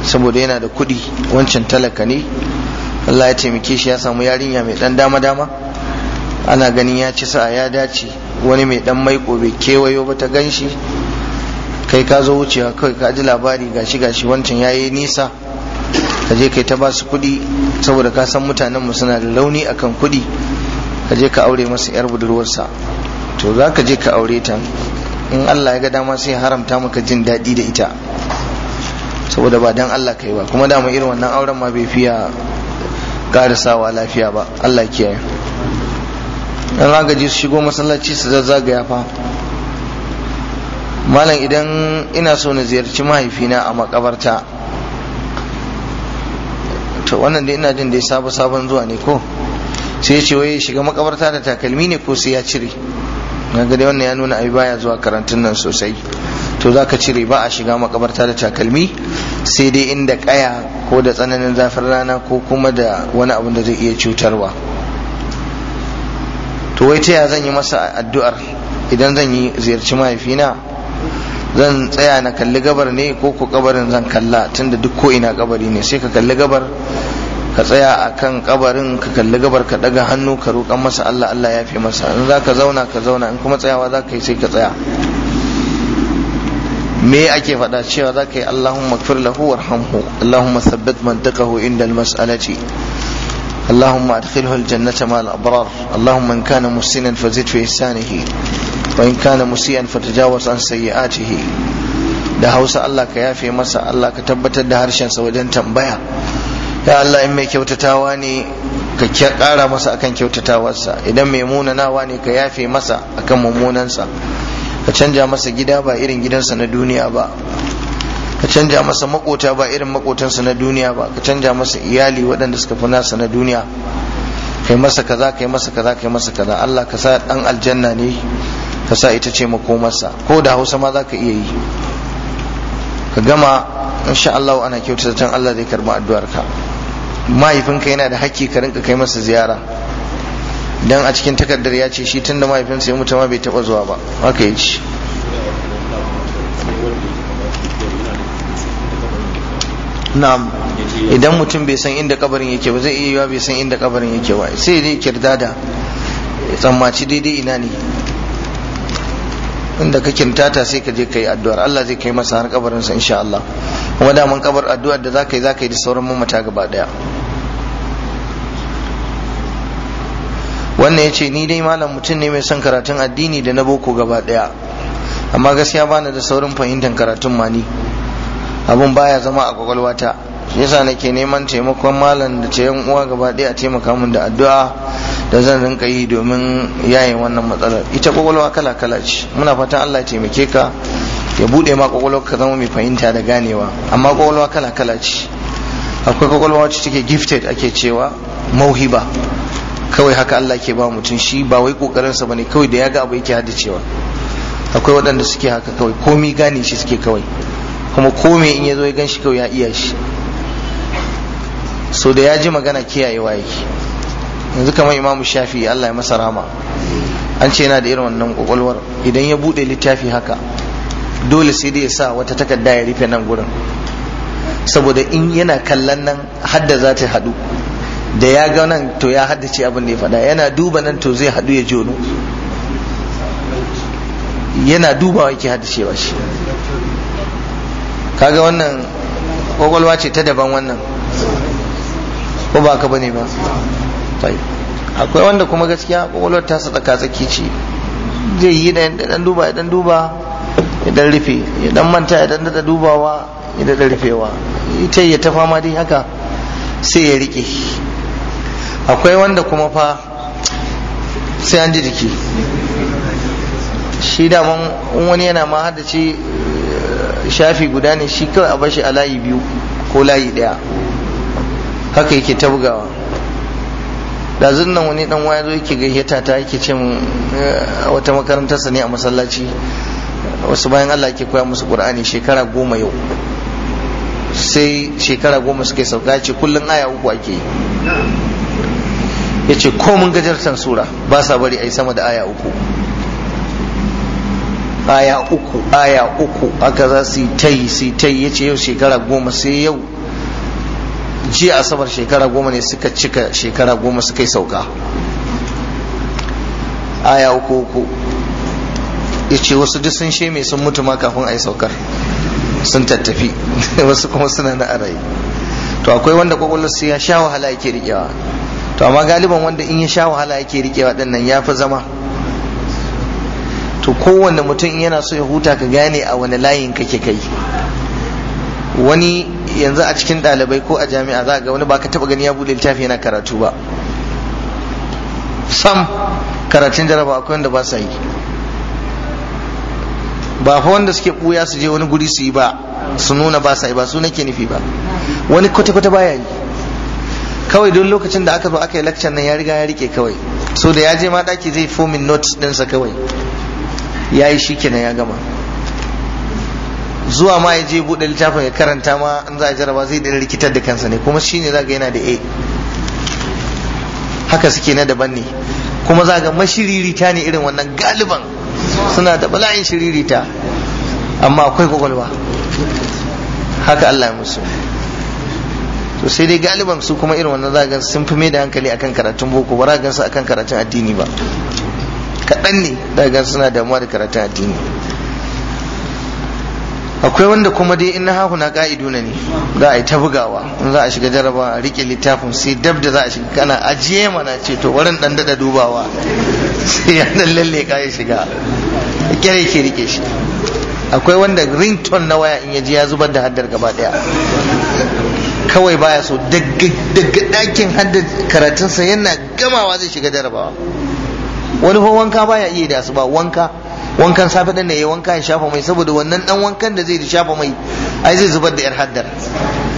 saboda yana da kuɗi wancan talaka ne Allah ya taimake shi ya samu yarinya mai ɗan dama-dama ana ganin ya ci sa ya dace wani mai dan maiko bai kewayo ba ta ganshi kai ka zo wucewa kai ka ji labari gashi gashi wancan yayi nisa ka je kai ta ba su kuɗi saboda ka san mutanen mu suna da launi akan kuɗi ka je ka aure masa yar budurwarsa to za ka je ka aure ta in Allah ya ga dama sai haramta maka jin daɗi da ita saboda ba dan Allah kai ba kuma dama irin wannan auren ma bai fiya karisawa lafiya ba Allah kiyaye dan agaji su shigo masallaci su ya fa malam idan ina so na ziyarci mahaifina a makabarta to wannan dai ina jin dai sabon zuwa ne ko sai ce wai shiga makabarta da takalmi ne ko sai ya cire ga dai wannan ya nuna ai baya zuwa karantun nan sosai to za ka cire ba a shiga makabarta da takalmi sai dai inda kaya ko da tsananin zafin rana ko kuma da wani abin da zai iya cutarwa to wai ta zan yi masa addu'ar idan zan yi ziyarci mahaifina zan tsaya na kalli gabar ne ko ko kabarin zan kalla tunda duk ko kabari ne sai ka kalli gabar ka tsaya a kan kabarin ka kalli gabar ka daga hannu ka roƙan masa Allah Allah ya fi masa in za ka zauna ka zauna in kuma tsayawa za ka yi sai ka tsaya me ake faɗa cewa za ka yi Allahumma kfir lahu warhamhu Allahumma thabbat mantaqahu inda al-mas'alati اللهم أدخله الجنة مع الأبرار اللهم إن كان محسنا فزد في إحسانه وإن كان مسيئا فتجاوز عن سيئاته da hausa Allah ka yafe masa Allah ka tabbatar da harshensa wajen tambaya ya Allah in mai kyautatawa ne ka ƙara masa akan kyautatawarsa idan mai munanawa ne ka yafe masa akan mummunansa ka canja masa gida ba irin gidansa na duniya ba ka canja masa makota ba irin makotansa na duniya ba ka canja masa iyali waɗanda suka fi nasa na duniya kai masa kaza kai masa kaza kai masa kaza Allah ka sa dan aljanna ne ka sa ita ce makomarsa ko da Hausa ma zaka iya yi ka gama insha Allah ana kyautata tan Allah zai karba addu'arka mahaifinka yana da hakki ka rinka kai masa ziyara dan a cikin takardar ya ce shi tunda mahaifinsa ya mutu ma bai taba zuwa ba haka ce. na'am idan mutum bai san inda kabarin yake ba zai iya yiwa bai san inda kabarin yake ba sai dai kirda da tsammaci daidai ina ne inda ka kintata sai ka je ka yi addu'ar Allah zai kai masa har kabarin kabarinsa insha Allah kuma da mun kabar addu'ar da zaka yi da sauran mamata gaba daya wannan ya ce ni dai malam mutum ne mai son karatun addini da na boko gaba daya amma gaskiya bana da saurin fahimtar karatun ma ni abun baya zama a kwakwalwata shi na ke neman taimakon malam da ce yan uwa gaba ɗaya a taimaka min da addu'a da zan rinka yi domin yaye wannan matsalar ita kwakwalwa kala kala ce muna fatan Allah ya taimake ka ya bude ma kwakwalwa ka zama mai fahimta da ganewa amma kwakwalwa kala kala ce akwai kwakwalwa wacce take gifted ake cewa mauhiba kawai haka Allah ke ba mutum shi ba wai kokarin sa bane kawai da ya ga abu yake haddacewa akwai waɗanda suke haka kawai komi gane shi suke kawai kuma kome in ya zo ya gan shi kawai ya iya shi so da ya ji magana kiyayewa yake yanzu kamar imamu shafi Allah ya masa rama an ce yana da irin wannan kwakwalwar idan ya bude littafi haka dole sai dai ya sa wata takarda ya rufe nan gurin saboda in yana kallon nan hadda za ta haɗu da ya ga nan to ya haddace abin da ya faɗa yana duba nan to zai haɗu ya wani yana dubawa yake haddacewa shi kaga wannan kwakwalwa ce ta daban wannan ko ba ka bane ba akwai wanda kuma gaskiya kwakwalwar ta tsaka tsaki ce zai yi da dan duba dan duba ya dan rufe ya dan manta ya dan da dubawa ya dan rufewa ita ya ta fama dai haka sai ya rike akwai wanda kuma fa sai an ji jiki shi daman wani yana ma haddace shafi guda ne shi kawai a bashi a layi biyu ko layi daya haka yake ta bugawa da wani dan waya zo yake gayyata ta yake ce eh, wata makarantar sa ne a masallaci wasu bayan Allah yake koya musu Qur'ani shekara goma yau sai shekara goma suke sauka ce kullum aya uku ake yi ya ce mun gajartan sura ba sa bari a yi sama da aya uku aya uku aya uku aka za su ta yi su ta yi yace yau shekara goma sai yau jiya asabar shekara goma ne suka cika shekara goma suka yi sauka aya uku uku ya ce wasu duk sun sheme sun mutu ma kafin a yi saukar sun tattafi wasu kuma suna na arayi to akwai wanda su ya sha wahala yake rikewa to amma galiban wanda in ya sha wahala yake rikewa din ya fi zama to kowanne mutum yana so ya huta ka gane a wani layin kake kai wani yanzu a cikin ɗalibai ko a jami'a za ga wani ba ka taɓa gani ya bude littafi yana karatu ba sam karatun jaraba akwai wanda ba sa yi ba fa wanda suke buya su je wani guri su yi ba su nuna ba sa yi ba su nake nufi ba wani kwata-kwata baya yi kawai don lokacin da aka zo aka yi lakcan nan ya riga ya rike kawai so da ya je ma ɗaki zai fomin notes ɗinsa kawai ya yi kenan ya gama zuwa ma ya je buɗe littafin ya karanta ma an za a jaraba zai da rikitar da kansa ne kuma shine za ga yana da a haka suke na daban ne kuma za ga mashiririta ne irin wannan galiban suna da bala'in shiririta amma akwai kwakwalwa haka Allah ya musu to sai dai galiban su kuma irin wannan za ga sun fi mai da hankali akan karatun boko ba za ga su akan karatun addini ba kaɗan ne daga suna damuwa da karatun addini akwai wanda kuma dai in hahu na ka'iduna ne za a yi ta bugawa in za a shiga jaraba a rike littafin sai dab da za a shiga kana ajiye mana ce to warin dan dada dubawa sai ya dan lalle ka ya shiga kere ke rike shi akwai wanda rington na waya in ya ji ya zubar da haddar gaba daya kawai baya so daga dakin haddar karatunsa yana gamawa zai shiga jarabawa wani fa wanka baya iya da asuba wanka wankan safe din ne wanka ya shafa mai saboda wannan dan wankan da zai shafa mai ai zai zubar da yar haddar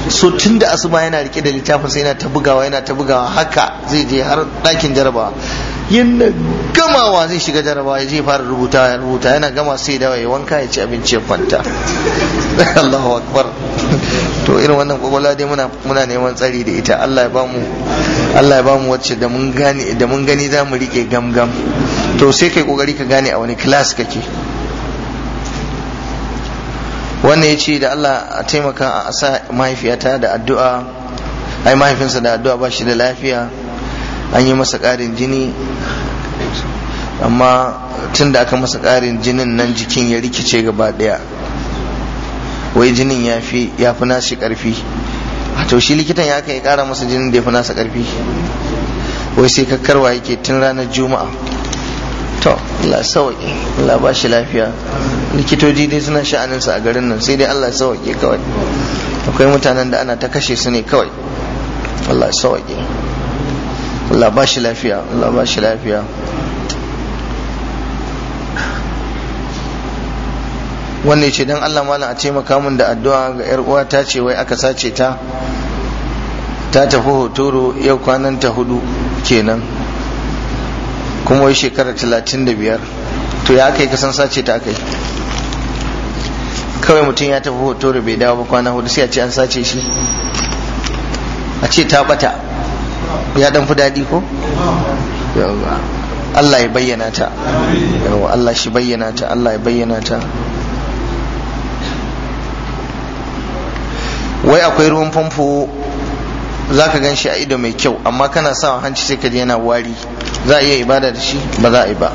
so tunda da asuba yana rike da littafin sai yana ta bugawa yana ta bugawa haka zai je har ɗakin jarabawa yana gamawa zai shiga jarabawa ya je fara rubuta ya rubuta yana gama sai dawa ya wanka ya ci abinci ya kwanta Allahu akbar to irin wannan kwakwalwa dai muna neman tsari da ita Allah ya bamu Allah wacce da mun da mun gani za mu rike gamgam to sai kai kokari ka gane a wani class kake wannan ya ce da Allah a taimaka a sa mahaifiyata da addu'a ai mahaifinsa da addu'a ba shi da lafiya an yi masa ƙarin jini amma tun da aka masa ƙarin jinin nan jikin ya rikice gaba ɗaya wai jinin ya fi ya fi nashi karfi to shi likitan ya kan ya kara masa jinin da ya fi nasa karfi wai sai kakkarwa yake tun ranar juma'a to Allah sauki Allah ba shi lafiya likitoji dai suna sha'anin su a garin nan sai dai Allah sauki kawai akwai mutanen da ana ta kashe su ne kawai Allah sauki Allah ba shi lafiya Allah ba shi lafiya wannan ce dan Allah malam a taimaka min da addu'a ga yar uwa ta ce wai aka sace ta ta tafi hoturu yau kwanan ta hudu kenan kuma wai shekara talatin da biyar to ya aka yi kasan sace ta aka yi kawai mutum ya tafi hoturu bai dawo ba kwana hudu sai a ce an sace shi a ce ta bata ya dan fi daɗi ko Allah ya bayyana ta Allah shi bayyana ta Allah ya bayyana ta wai akwai ruwan famfo za ka gan shi a ido mai kyau amma kana sa hanci sai ka yana wari za a iya ibada da shi ba za a yi ba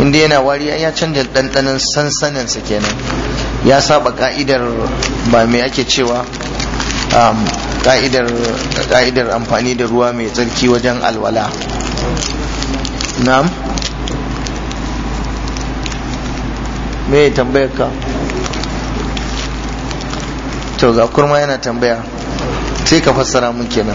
inda yana wari ya canja sansanin sa kenan ya saba ka'idar ba mai ake cewa ka'idar um, amfani da ruwa mai tsarki wajen alwala na'am me tambayar ka to ga kurma yana tambaya sai ka fassara mun kenan